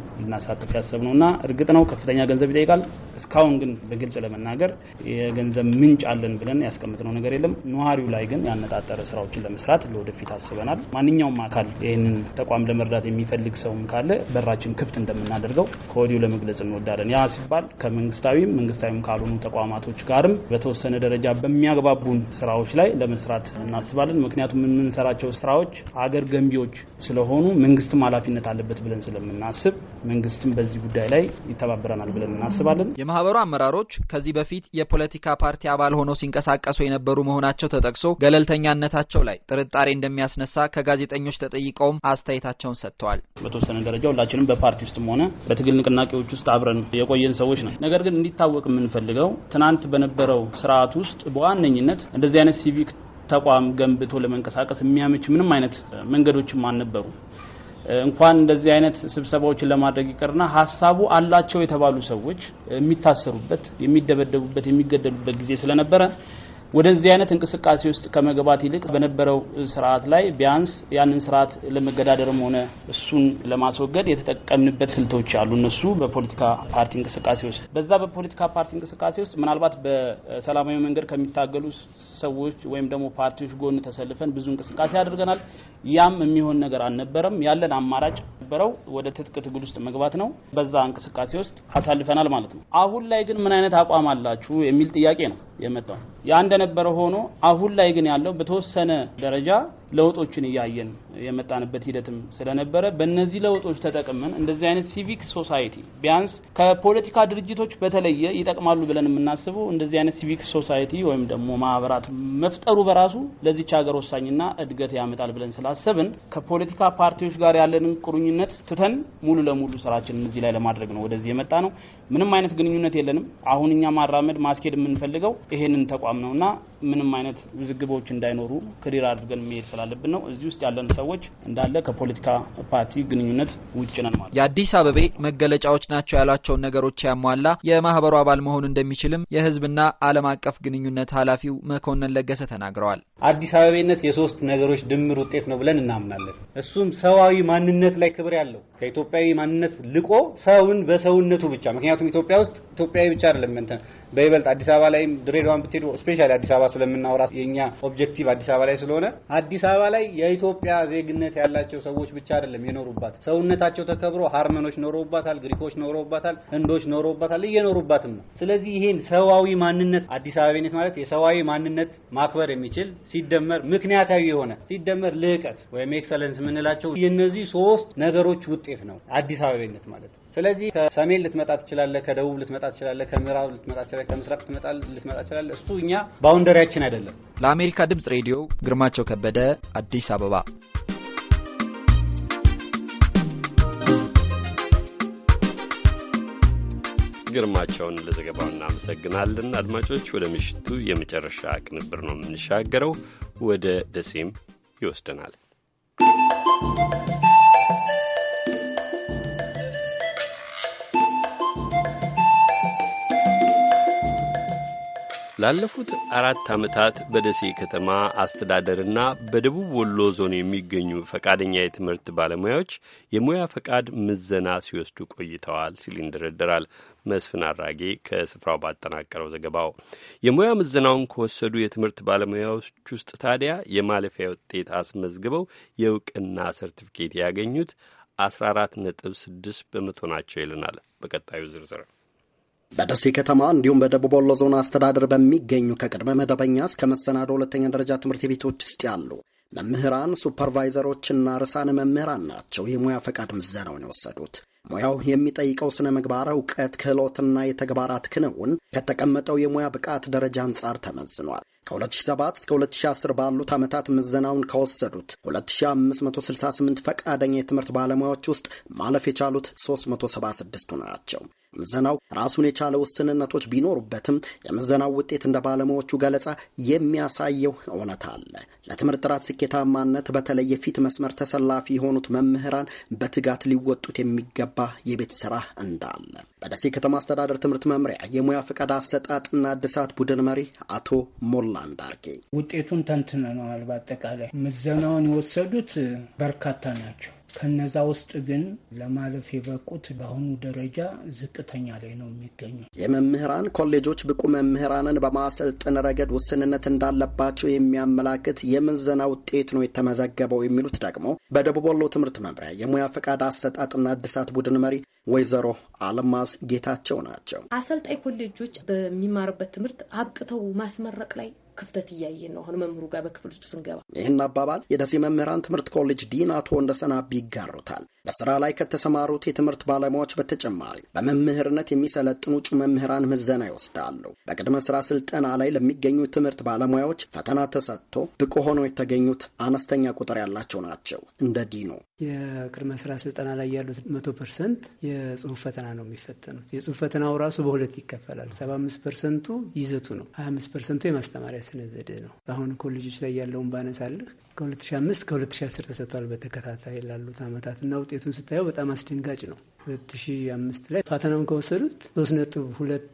Speaker 18: ያሰብ ነው እና እርግጥ ነው ከፍተኛ ገንዘብ ይጠይቃል። እስካሁን ግን በግልጽ ለመናገር የገንዘብ ምንጭ አለን ብለን ያስቀምጥነው ነገር የለም። ነዋሪው ላይ ግን ያነጣጠረ ስራዎችን ለመስራት ለወደፊት አስበናል። ማንኛውም አካል ይህንን ተቋም ለመርዳት የሚፈልግ ሰውም ካለ በራችን ክፍት እንደምናደርገው ከወዲሁ ለመግለጽ እንወዳለን። ያ ሲባል ከመንግስታዊም መንግስታዊም ካልሆኑ ተቋማቶች ጋርም በተወሰነ ደረጃ በሚያግባቡን ስራዎች ላይ ለመስራት እናስባለን። ምክንያቱም የምንሰራቸው ስራዎች አገር ገንቢዎች ስለሆኑ መንግስትም ኃላፊነት አለበት ብለን ስለምናስብ መንግስትም በዚህ ጉዳይ ላይ ይተባበረናል ብለን እናስባለን።
Speaker 16: የማህበሩ አመራሮች ከዚህ በፊት የፖለቲካ ፓርቲ አባል ሆነው ሲንቀሳቀሱ የነበሩ መሆናቸው ተጠቅሶ ገለልተኛነታቸው ላይ ጥርጣሬ እንደሚያስነሳ ከጋዜጠኞች ተጠይቀውም አስተያየታቸውን ሰጥተዋል። በተወሰነ ደረጃው ሁላችንም በፓርቲ ውስጥም ሆነ በትግል ንቅናቄዎች ውስጥ አብረን የቆየን
Speaker 18: ሰዎች ነን። ነገር ግን እንዲታወቅ የምንፈልገው ትናንት በነበረው ስርዓት ውስጥ በዋነኝነት እንደዚህ አይነት ሲቪክ ተቋም ገንብቶ ለመንቀሳቀስ የሚያመች ምንም አይነት መንገዶችም አልነበሩ። እንኳን እንደዚህ አይነት ስብሰባዎችን ለማድረግ ይቅርና ሀሳቡ አላቸው የተባሉ ሰዎች የሚታሰሩበት፣ የሚደበደቡበት፣ የሚገደሉበት ጊዜ ስለነበረ ወደዚህ አይነት እንቅስቃሴ ውስጥ ከመግባት ይልቅ በነበረው ስርዓት ላይ ቢያንስ ያንን ስርዓት ለመገዳደርም ሆነ እሱን ለማስወገድ የተጠቀምንበት ስልቶች አሉ። እነሱ በፖለቲካ ፓርቲ እንቅስቃሴ ውስጥ በዛ በፖለቲካ ፓርቲ እንቅስቃሴ ውስጥ ምናልባት በሰላማዊ መንገድ ከሚታገሉ ሰዎች ወይም ደግሞ ፓርቲዎች ጎን ተሰልፈን ብዙ እንቅስቃሴ አድርገናል። ያም የሚሆን ነገር አልነበረም። ያለን አማራጭ ነበረው ወደ ትጥቅ ትግል ውስጥ መግባት ነው። በዛ እንቅስቃሴ ውስጥ አሳልፈናል ማለት ነው። አሁን ላይ ግን ምን አይነት አቋም አላችሁ የሚል ጥያቄ ነው። የመጣው ያ እንደነበረ ሆኖ አሁን ላይ ግን ያለው በተወሰነ ደረጃ ለውጦችን እያየን የመጣንበት ሂደትም ስለነበረ በእነዚህ ለውጦች ተጠቅመን እንደዚህ አይነት ሲቪክ ሶሳይቲ ቢያንስ ከፖለቲካ ድርጅቶች በተለየ ይጠቅማሉ ብለን የምናስበው እንደዚህ አይነት ሲቪክ ሶሳይቲ ወይም ደግሞ ማህበራት መፍጠሩ በራሱ ለዚች ሀገር ወሳኝና እድገት ያመጣል ብለን ስላሰብን ከፖለቲካ ፓርቲዎች ጋር ያለንን ቁርኝነት ትተን ሙሉ ለሙሉ ስራችንን እዚህ ላይ ለማድረግ ነው ወደዚህ የመጣ ነው። ምንም አይነት ግንኙነት የለንም። አሁን እኛ ማራመድ ማስኬድ የምንፈልገው ይሄንን ተቋም ነውና ምንም አይነት ውዝግቦች እንዳይኖሩ ክሊር አድርገን መሄድ ስላለብን ነው። እዚህ ውስጥ ያለን ሰዎች እንዳለ ከፖለቲካ ፓርቲ ግንኙነት ውጭ ነን ማለት።
Speaker 16: የአዲስ አበቤ መገለጫዎች ናቸው ያሏቸውን ነገሮች ያሟላ የማህበሩ አባል መሆን እንደሚችልም የህዝብና ዓለም አቀፍ ግንኙነት ኃላፊው መኮንን ለገሰ ተናግረዋል።
Speaker 18: አዲስ አበቤነት የሶስት ነገሮች ድምር ውጤት ነው ብለን እናምናለን። እሱም ሰዋዊ ማንነት ላይ ክብር ያለው ከኢትዮጵያዊ ማንነት ልቆ ሰውን በሰውነቱ ብቻ ምክንያቱም ኢትዮጵያ ውስጥ ኢትዮጵያዊ ብቻ አይደለም በይበልጥ አዲስ አበባ ላይም ድሬዳዋን ብትሄዱ ስፔሻሊ አዲስ አበባ ስለምናወራ የኛ ኦብጀክቲቭ አዲስ አበባ ላይ ስለሆነ አዲስ አበባ ላይ የኢትዮጵያ ዜግነት ያላቸው ሰዎች ብቻ አይደለም የኖሩባት። ሰውነታቸው ተከብሮ ሀርመኖች ኖረውባታል፣ ግሪኮች ኖረውባታል፣ ህንዶች ኖረውባታል፣ እየኖሩባትም ነው። ስለዚህ ይሄን ሰዋዊ ማንነት አዲስ አበባነት ማለት የሰዋዊ ማንነት ማክበር የሚችል ሲደመር ምክንያታዊ የሆነ ሲደመር ልዕቀት ወይም ኤክሰለንስ የምንላቸው የነዚህ ሶስት ነገሮች ውጤት ነው አዲስ አበባነት ማለት። ስለዚህ ከሰሜን ልትመጣ ትችላለህ፣ ከደቡብ ልትመጣ ትችላለህ፣ ከምዕራብ ልትመጣ ትችላለህ፣ ከምስራቅ ልትመጣ ትችላለህ። እሱ እኛ
Speaker 16: ባውንደሪያችን አይደለም። ለአሜሪካ ድምፅ ሬዲዮ ግርማቸው ከበደ አዲስ አበባ።
Speaker 1: ግርማቸውን ለዘገባው እናመሰግናለን። አድማጮች፣ ወደ ምሽቱ የመጨረሻ ቅንብር ነው የምንሻገረው። ወደ ደሴም ይወስደናል። ላለፉት አራት ዓመታት በደሴ ከተማ አስተዳደርና በደቡብ ወሎ ዞን የሚገኙ ፈቃደኛ የትምህርት ባለሙያዎች የሙያ ፈቃድ ምዘና ሲወስዱ ቆይተዋል ሲል ይንደረደራል መስፍን አራጌ ከስፍራው ባጠናቀረው ዘገባው። የሙያ ምዘናውን ከወሰዱ የትምህርት ባለሙያዎች ውስጥ ታዲያ የማለፊያ ውጤት አስመዝግበው የእውቅና ሰርቲፊኬት ያገኙት ስድስት በመቶ ናቸው ይለናል በቀጣዩ ዝርዝር
Speaker 19: በደሴ ከተማ እንዲሁም በደቡብ ወሎ ዞን አስተዳደር በሚገኙ ከቅድመ መደበኛ እስከ መሰናዶ ሁለተኛ ደረጃ ትምህርት ቤቶች ውስጥ ያሉ መምህራን፣ ሱፐርቫይዘሮችና ርዕሳነ መምህራን ናቸው የሙያ ፈቃድ ምዘናውን የወሰዱት። ሙያው የሚጠይቀው ስነ ምግባር፣ እውቀት፣ ክህሎትና የተግባራት ክንውን ከተቀመጠው የሙያ ብቃት ደረጃ አንጻር ተመዝኗል። ከ2007 እስከ 2010 ባሉት ዓመታት ምዘናውን ከወሰዱት 2568 ፈቃደኛ የትምህርት ባለሙያዎች ውስጥ ማለፍ የቻሉት 376ቱ ናቸው። ምዘናው ራሱን የቻለ ውስንነቶች ቢኖሩበትም የምዘናው ውጤት እንደ ባለሙያዎቹ ገለጻ የሚያሳየው እውነት አለ። ለትምህርት ጥራት ስኬታማነት በተለይ የፊት መስመር ተሰላፊ የሆኑት መምህራን በትጋት ሊወጡት የሚገባ የቤት ስራ እንዳለ በደሴ ከተማ አስተዳደር ትምህርት መምሪያ የሙያ ፈቃድ አሰጣጥና እድሳት ቡድን መሪ አቶ ሞላ አለም አንዳርጌ
Speaker 4: ውጤቱን
Speaker 12: ተንትነነዋል። በአጠቃላይ ምዘናውን የወሰዱት በርካታ ናቸው። ከነዛ ውስጥ ግን ለማለፍ የበቁት በአሁኑ ደረጃ ዝቅተኛ ላይ ነው የሚገኘው። የመምህራን
Speaker 19: ኮሌጆች ብቁ መምህራንን በማሰልጠን ረገድ ውስንነት እንዳለባቸው የሚያመላክት የምዘና ውጤት ነው የተመዘገበው የሚሉት ደግሞ በደቡብ ወሎ ትምህርት መምሪያ የሙያ ፈቃድ አሰጣጥና እድሳት ቡድን መሪ ወይዘሮ አልማዝ ጌታቸው ናቸው።
Speaker 6: አሰልጣኝ ኮሌጆች በሚማሩበት ትምህርት አብቅተው ማስመረቅ ላይ ክፍተት እያየን ነው አሁን መምህሩ ጋር በክፍል ውስጥ ስንገባ።
Speaker 19: ይህን አባባል የደሴ መምህራን ትምህርት ኮሌጅ ዲን አቶ እንደሰናብ ይጋሩታል። በስራ ላይ ከተሰማሩት የትምህርት ባለሙያዎች በተጨማሪ በመምህርነት የሚሰለጥኑ እጩ መምህራን ምዘና ይወስዳሉ። በቅድመ ስራ ስልጠና ላይ ለሚገኙ ትምህርት ባለሙያዎች ፈተና ተሰጥቶ ብቁ ሆነው የተገኙት አነስተኛ ቁጥር ያላቸው ናቸው። እንደ ዲኑ
Speaker 11: የቅድመ ስራ ስልጠና ላይ ያሉት መቶ ፐርሰንት የጽሁፍ ፈተና ነው የሚፈተኑት። የጽሁፍ ፈተናው ራሱ በሁለት ይከፈላል። ሰባ አምስት ፐርሰንቱ ይዘቱ ነው፣ ሀያ አምስት ፐርሰንቱ የማስተማሪያ ስነ ዘዴ ነው። በአሁን ኮሌጆች ላይ ያለውን ባነሳልህ ከ2005 ከ2010 ተሰጥቷል በተከታታይ ላሉት አመታት እና ውጤቱን ስታየው በጣም አስደንጋጭ ነው። 2005 ላይ ፋተናውን ከወሰዱት 3.2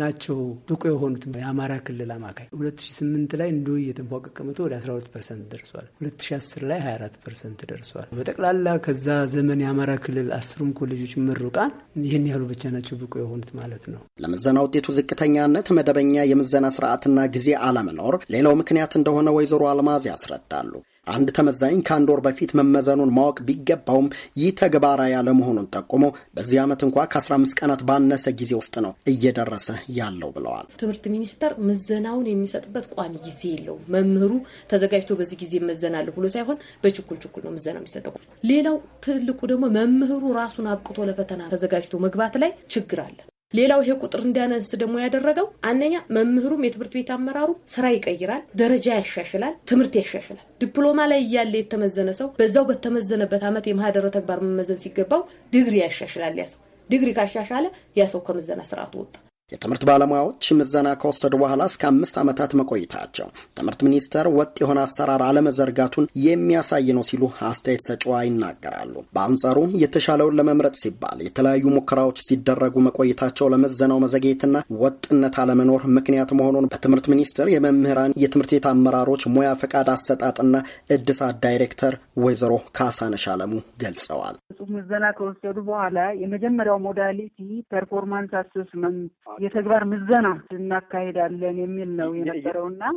Speaker 11: ናቸው ብቁ የሆኑት የአማራ ክልል አማካይ። 2008 ላይ እንዲሁ እየተንፏቀቀ መቶ ወደ 12 ፐርሰንት ደርሷል። 2010 ላይ 24 ፐርሰንት ደርሷል። በጠቅላላ ከዛ ዘመን የአማራ ክልል አስሩም ኮሌጆች ምሩቃን ይህን ያህሉ ብቻ ናቸው ብቁ የሆኑት ማለት ነው።
Speaker 19: ለምዘና ውጤቱ ዝቅተኛነት መደበኛ የምዘና ስርዓትና ጊዜ አለመኖር ሌላው ምክንያት እንደሆነ ወይዘሮ አልማዝ ያስረዳል። ያስረዳሉ። አንድ ተመዛኝ ከአንድ ወር በፊት መመዘኑን ማወቅ ቢገባውም ይህ ተግባራዊ ያለመሆኑን ጠቁሞ በዚህ ዓመት እንኳ ከ15 ቀናት ባነሰ ጊዜ ውስጥ ነው እየደረሰ ያለው ብለዋል።
Speaker 6: ትምህርት ሚኒስቴር ምዘናውን የሚሰጥበት ቋሚ ጊዜ የለውም። መምህሩ ተዘጋጅቶ በዚህ ጊዜ መዘናለሁ ብሎ ሳይሆን በችኩል ችኩል ነው ምዘና የሚሰጠው። ሌላው ትልቁ ደግሞ መምህሩ ራሱን አብቅቶ ለፈተና ተዘጋጅቶ መግባት ላይ ችግር አለ። ሌላው ይሄ ቁጥር እንዲያነስ ደግሞ ያደረገው አንደኛ መምህሩም የትምህርት ቤት አመራሩ ስራ ይቀይራል፣ ደረጃ ያሻሽላል፣ ትምህርት ያሻሽላል። ዲፕሎማ ላይ እያለ የተመዘነ ሰው በዛው በተመዘነበት ዓመት የማህደረ ተግባር መመዘን ሲገባው ዲግሪ ያሻሽላል። ያ ሰው ዲግሪ ካሻሻለ ያ ሰው ከምዘና ስርዓቱ ወጣ።
Speaker 19: የትምህርት ባለሙያዎች ምዘና ከወሰዱ በኋላ እስከ አምስት ዓመታት መቆይታቸው ትምህርት ሚኒስቴር ወጥ የሆነ አሰራር አለመዘርጋቱን የሚያሳይ ነው ሲሉ አስተያየት ሰጭዋ ይናገራሉ። በአንጻሩ የተሻለውን ለመምረጥ ሲባል የተለያዩ ሙከራዎች ሲደረጉ መቆይታቸው ለምዘናው መዘግየትና ወጥነት አለመኖር ምክንያት መሆኑን በትምህርት ሚኒስቴር የመምህራን የትምህርት ቤት አመራሮች ሙያ ፈቃድ አሰጣጥና እድሳት ዳይሬክተር ወይዘሮ ካሳነሽ አለሙ ገልጸዋል።
Speaker 20: ምዘና ከወሰዱ በኋላ የመጀመሪያው ሞዳሊቲ ፐርፎርማንስ አሴስመንት የተግባር ምዘና እናካሄዳለን የሚል ነው የነበረው እና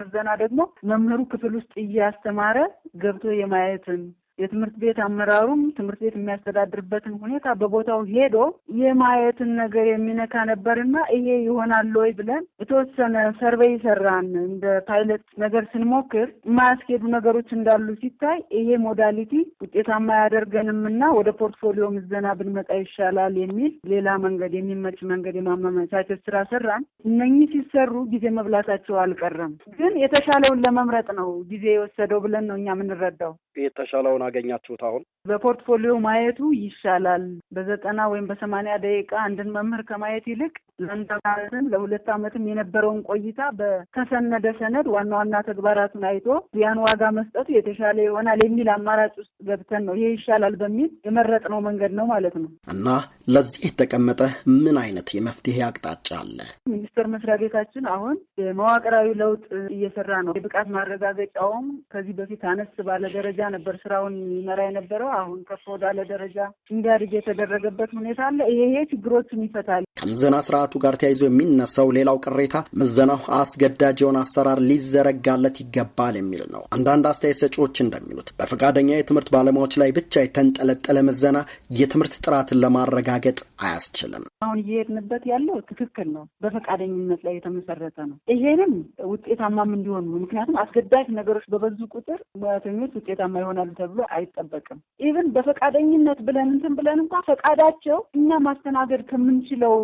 Speaker 20: ምዘና ደግሞ መምህሩ ክፍል ውስጥ እያስተማረ ገብቶ የማየትን የትምህርት ቤት አመራሩም ትምህርት ቤት የሚያስተዳድርበትን ሁኔታ በቦታው ሄዶ የማየትን ነገር የሚነካ ነበርና ይሄ ይሆናል ወይ ብለን የተወሰነ ሰርቬይ ሰራን። እንደ ፓይለት ነገር ስንሞክር የማያስኬዱ ነገሮች እንዳሉ ሲታይ ይሄ ሞዳሊቲ ውጤታማ አያደርገንም እና ወደ ፖርትፎሊዮ ምዘና ብንመጣ ይሻላል የሚል ሌላ መንገድ የሚመች መንገድ የማመመቻቸት ስራ ሰራን። እነኚህ ሲሰሩ ጊዜ መብላታቸው አልቀረም፣ ግን የተሻለውን ለመምረጥ ነው ጊዜ የወሰደው ብለን ነው እኛ የምንረዳው
Speaker 19: የተሻለውን ሆኖ አገኛችሁት? አሁን
Speaker 20: በፖርትፎሊዮ ማየቱ ይሻላል። በዘጠና ወይም በሰማንያ ደቂቃ አንድን መምህር ከማየት ይልቅ ለአንድ ዓመትም ለሁለት ዓመትም የነበረውን ቆይታ በተሰነደ ሰነድ ዋና ዋና ተግባራቱን አይቶ ያን ዋጋ መስጠቱ የተሻለ ይሆናል የሚል አማራጭ ውስጥ ገብተን ነው ይሄ ይሻላል በሚል የመረጥነው መንገድ ነው ማለት ነው
Speaker 19: እና ለዚህ የተቀመጠ ምን አይነት የመፍትሄ አቅጣጫ አለ?
Speaker 20: ሚኒስቴር መስሪያ ቤታችን አሁን መዋቅራዊ ለውጥ እየሰራ ነው። የብቃት ማረጋገጫውም ከዚህ በፊት አነስ ባለ ደረጃ ነበር ስራውን ፕሮግራም ይመራ የነበረው አሁን ከፍ ወዳለ ደረጃ እንዲያድግ የተደረገበት ሁኔታ አለ። ይሄ ችግሮችን ይፈታል።
Speaker 19: ከምዘና ስርዓቱ ጋር ተያይዞ የሚነሳው ሌላው ቅሬታ ምዘናው አስገዳጅ የሆነ አሰራር ሊዘረጋለት ይገባል የሚል ነው። አንዳንድ አስተያየት ሰጪዎች እንደሚሉት በፈቃደኛ የትምህርት ባለሙያዎች ላይ ብቻ የተንጠለጠለ ምዘና የትምህርት ጥራትን ለማረጋገጥ አያስችልም።
Speaker 20: አሁን እየሄድንበት ያለው ትክክል ነው፣ በፈቃደኝነት ላይ የተመሰረተ ነው። ይሄንም ውጤታማም እንዲሆን ምክንያቱም አስገዳጅ ነገሮች በበዙ ቁጥር ሙያተኞች ውጤታማ ይሆናሉ ተብሎ አይጠበቅም። ኢቨን በፈቃደኝነት ብለን እንትን ብለን እንኳ ፈቃዳቸው እኛ ማስተናገድ ከምንችለው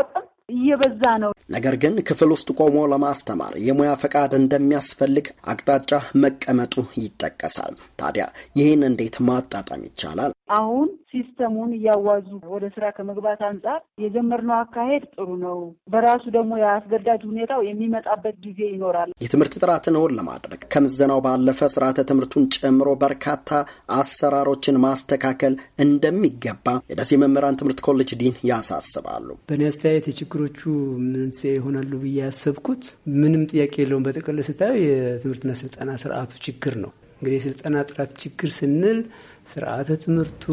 Speaker 20: አቅም እየበዛ ነው።
Speaker 19: ነገር ግን ክፍል ውስጥ ቆሞ ለማስተማር የሙያ ፈቃድ እንደሚያስፈልግ አቅጣጫ መቀመጡ ይጠቀሳል። ታዲያ ይህን እንዴት ማጣጣም ይቻላል?
Speaker 20: አሁን ሲስተሙን እያዋዙ ወደ ስራ ከመግባት አንጻር የጀመርነው አካሄድ ጥሩ ነው። በራሱ ደግሞ የአስገዳጅ ሁኔታው የሚመጣበት ጊዜ ይኖራል።
Speaker 19: የትምህርት ጥራትን እውን ለማድረግ ከምዘናው ባለፈ ስርዓተ ትምህርቱን ጨምሮ በርካታ አሰራሮችን ማስተካከል እንደሚገባ የደሴ መምህራን ትምህርት ኮሌጅ ዲን ያሳስባሉ።
Speaker 6: በእኔ
Speaker 11: አስተያየት የችግሩ ችግሮቹ መንስኤ ይሆናሉ ብዬ ያሰብኩት ምንም ጥያቄ የለውም። በጥቅል ስታየው የትምህርትና ስልጠና ስርዓቱ ችግር ነው። እንግዲህ የስልጠና ጥራት ችግር ስንል ስርዓተ ትምህርቱ፣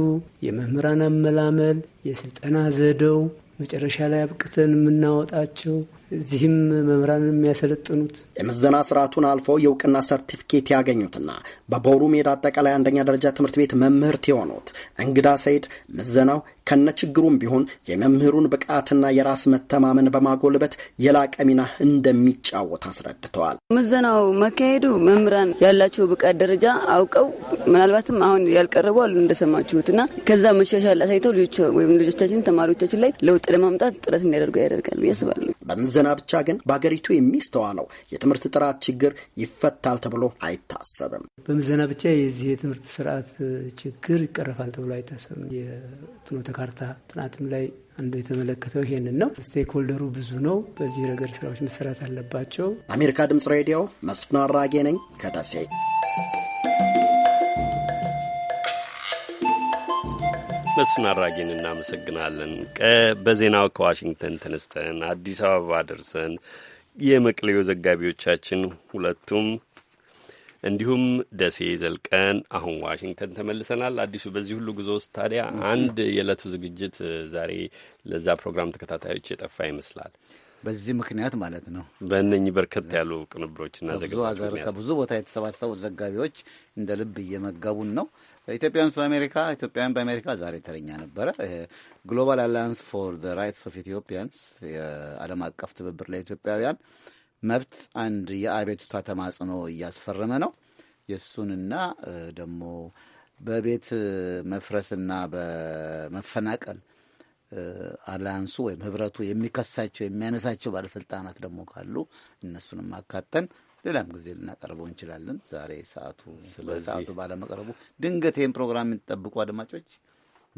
Speaker 11: የመምህራን አመላመል፣ የስልጠና ዘዴው መጨረሻ ላይ አብቅተን የምናወጣቸው እዚህም መምህራን የሚያሰለጥኑት የምዘና ስርዓቱን
Speaker 19: አልፈው የእውቅና ሰርቲፊኬት ያገኙትና በቦሩ ሜዳ አጠቃላይ አንደኛ ደረጃ ትምህርት ቤት መምህርት የሆኑት እንግዳ ሰይድ ምዘናው ከነ ችግሩም ቢሆን የመምህሩን ብቃትና የራስ መተማመን በማጎልበት የላቀ ሚና እንደሚጫወት አስረድተዋል።
Speaker 17: ምዘናው መካሄዱ መምህራን ያላቸው ብቃት ደረጃ አውቀው ምናልባትም አሁን ያልቀረቡ አሉ እንደሰማችሁት ከዛ መሻሻል አሳይተው ልጆቻችን፣ ተማሪዎቻችን ላይ ለውጥ ለማምጣት
Speaker 19: ጥረት እንዲያደርጉ ያደርጋል ብዬ አስባለሁ። ዘና ብቻ ግን በሀገሪቱ የሚስተዋለው የትምህርት ጥራት ችግር ይፈታል ተብሎ አይታሰብም።
Speaker 11: በምዘና ብቻ የዚህ የትምህርት ስርዓት ችግር ይቀረፋል ተብሎ አይታሰብም። የፍኖተ ካርታ ጥናትም ላይ አንዱ የተመለከተው ይሄንን ነው። ስቴክሆልደሩ ብዙ ነው። በዚህ ነገር ስራዎች መሰራት አለባቸው።
Speaker 19: ለአሜሪካ ድምጽ ሬዲዮ መስፍን አራጌ ነኝ ከደሴ።
Speaker 1: መስፍን አራጌን እናመሰግናለን። በዜናው ከዋሽንግተን ተነስተን አዲስ አበባ ደርሰን የመቅሌው ዘጋቢዎቻችን ሁለቱም እንዲሁም ደሴ ዘልቀን አሁን ዋሽንግተን ተመልሰናል። አዲሱ በዚህ ሁሉ ጉዞ ውስጥ ታዲያ አንድ የዕለቱ ዝግጅት ዛሬ ለዛ ፕሮግራም ተከታታዮች የጠፋ ይመስላል። በዚህ ምክንያት ማለት ነው። በእነኚህ በርከት ያሉ ቅንብሮችና
Speaker 3: ከብዙ ቦታ የተሰባሰቡ ዘጋቢዎች እንደ ልብ እየመገቡን ነው። ኢትዮጵያውያን በአሜሪካ ኢትዮጵያውያን በአሜሪካ ዛሬ ተረኛ ነበረ። ግሎባል አላያንስ ፎር ዘ ራይትስ ኦፍ ኢትዮጵያንስ የዓለም አቀፍ ትብብር ለኢትዮጵያውያን መብት አንድ የአቤቱታ ተማጽኖ እያስፈረመ ነው። የእሱንና ደግሞ በቤት መፍረስና በመፈናቀል አላያንሱ ወይም ህብረቱ የሚከሳቸው የሚያነሳቸው ባለስልጣናት ደግሞ ካሉ እነሱንም አካተን ሌላም ጊዜ ልናቀርበው እንችላለን። ዛሬ ሰዓቱ በሰዓቱ ባለመቅረቡ ድንገት ይህን ፕሮግራም የሚጠብቁ አድማጮች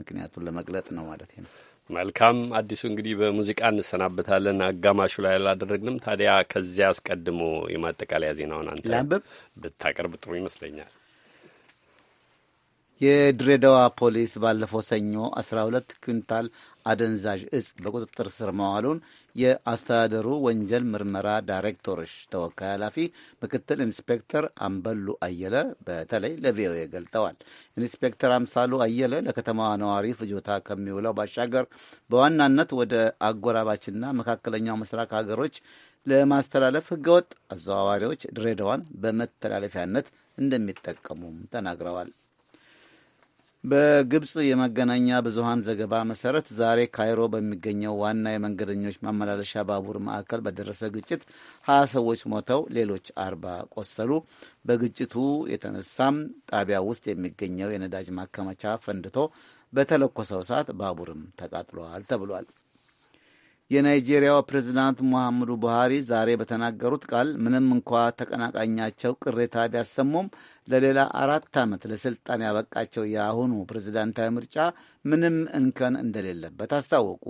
Speaker 3: ምክንያቱን ለመግለጥ ነው ማለት ነው።
Speaker 1: መልካም አዲሱ፣ እንግዲህ በሙዚቃ እንሰናበታለን። አጋማሹ ላይ አላደረግንም። ታዲያ ከዚያ አስቀድሞ የማጠቃለያ ዜናውን አንተ ላንብብ ብታቀርብ ጥሩ ይመስለኛል።
Speaker 3: የድሬዳዋ ፖሊስ ባለፈው ሰኞ ሁለት ኩንታል አደንዛዥ እጽ በቁጥጥር ስር መዋሉን የአስተዳደሩ ወንጀል ምርመራ ዳይሬክቶሮች ተወካይ ኃላፊ ምክትል ኢንስፔክተር አምበሉ አየለ በተለይ ለቪኦኤ ገልጠዋል። ኢንስፔክተር አምሳሉ አየለ ለከተማዋ ነዋሪ ፍጆታ ከሚውለው ባሻገር በዋናነት ወደ አጎራባችና መካከለኛው ምስራቅ ሀገሮች ለማስተላለፍ ህገወጥ አዘዋዋሪዎች ድሬዳዋን በመተላለፊያነት እንደሚጠቀሙም ተናግረዋል። በግብፅ የመገናኛ ብዙሃን ዘገባ መሰረት ዛሬ ካይሮ በሚገኘው ዋና የመንገደኞች ማመላለሻ ባቡር ማዕከል በደረሰ ግጭት ሀያ ሰዎች ሞተው ሌሎች አርባ ቆሰሉ። በግጭቱ የተነሳም ጣቢያ ውስጥ የሚገኘው የነዳጅ ማከማቻ ፈንድቶ በተለኮሰው ሰዓት ባቡርም ተቃጥሏል ተብሏል። የናይጄሪያው ፕሬዚዳንት ሙሐመዱ ቡሃሪ ዛሬ በተናገሩት ቃል ምንም እንኳ ተቀናቃኛቸው ቅሬታ ቢያሰሙም ለሌላ አራት ዓመት ለስልጣን ያበቃቸው የአሁኑ ፕሬዚዳንታዊ ምርጫ ምንም እንከን እንደሌለበት አስታወቁ።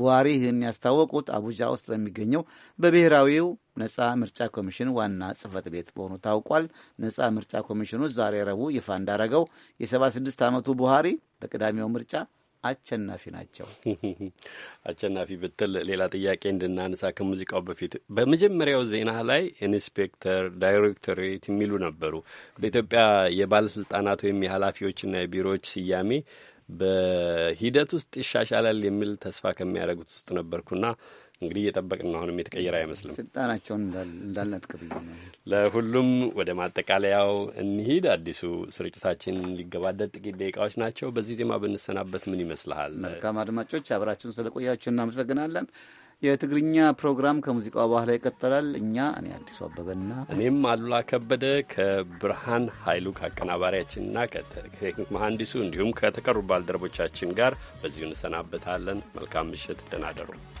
Speaker 3: ቡሃሪ ይህን ያስታወቁት አቡጃ ውስጥ በሚገኘው በብሔራዊው ነጻ ምርጫ ኮሚሽን ዋና ጽህፈት ቤት መሆኑ ታውቋል። ነጻ ምርጫ ኮሚሽኑ ዛሬ ረቡዕ ይፋ እንዳረገው የ76 ዓመቱ
Speaker 1: ቡሃሪ በቅዳሜው ምርጫ አቸናፊ ናቸው። አቸናፊ ብትል ሌላ ጥያቄ እንድናነሳ ከሙዚቃው በፊት በመጀመሪያው ዜና ላይ ኢንስፔክተር፣ ዳይሬክቶሬት የሚሉ ነበሩ። በኢትዮጵያ የባለስልጣናት ወይም የኃላፊዎችና የቢሮዎች ስያሜ በሂደት ውስጥ ይሻሻላል የሚል ተስፋ ከሚያደርጉት ውስጥ ነበርኩና እንግዲህ እየጠበቅን ነው። አሁንም የተቀየረ አይመስልም።
Speaker 3: ስልጣናቸውን እንዳልነጥቅብ
Speaker 1: ለሁሉም ወደ ማጠቃለያው እንሂድ። አዲሱ ስርጭታችን ሊገባደድ ጥቂት ደቂቃዎች ናቸው። በዚህ ዜማ ብንሰናበት ምን ይመስልሃል? መልካም አድማጮች፣ አብራችሁን ስለቆያችሁ እናመሰግናለን።
Speaker 3: የትግርኛ ፕሮግራም ከሙዚቃው በኋላ ይቀጥላል። እኛ እኔ አዲሱ አበበና
Speaker 1: እኔም አሉላ ከበደ ከብርሃን ኃይሉ ከአቀናባሪያችንና ከቴክኒክ መሐንዲሱ እንዲሁም ከተቀሩ ባልደረቦቻችን ጋር በዚሁ እንሰናበታለን። መልካም ምሽት፣ ደህና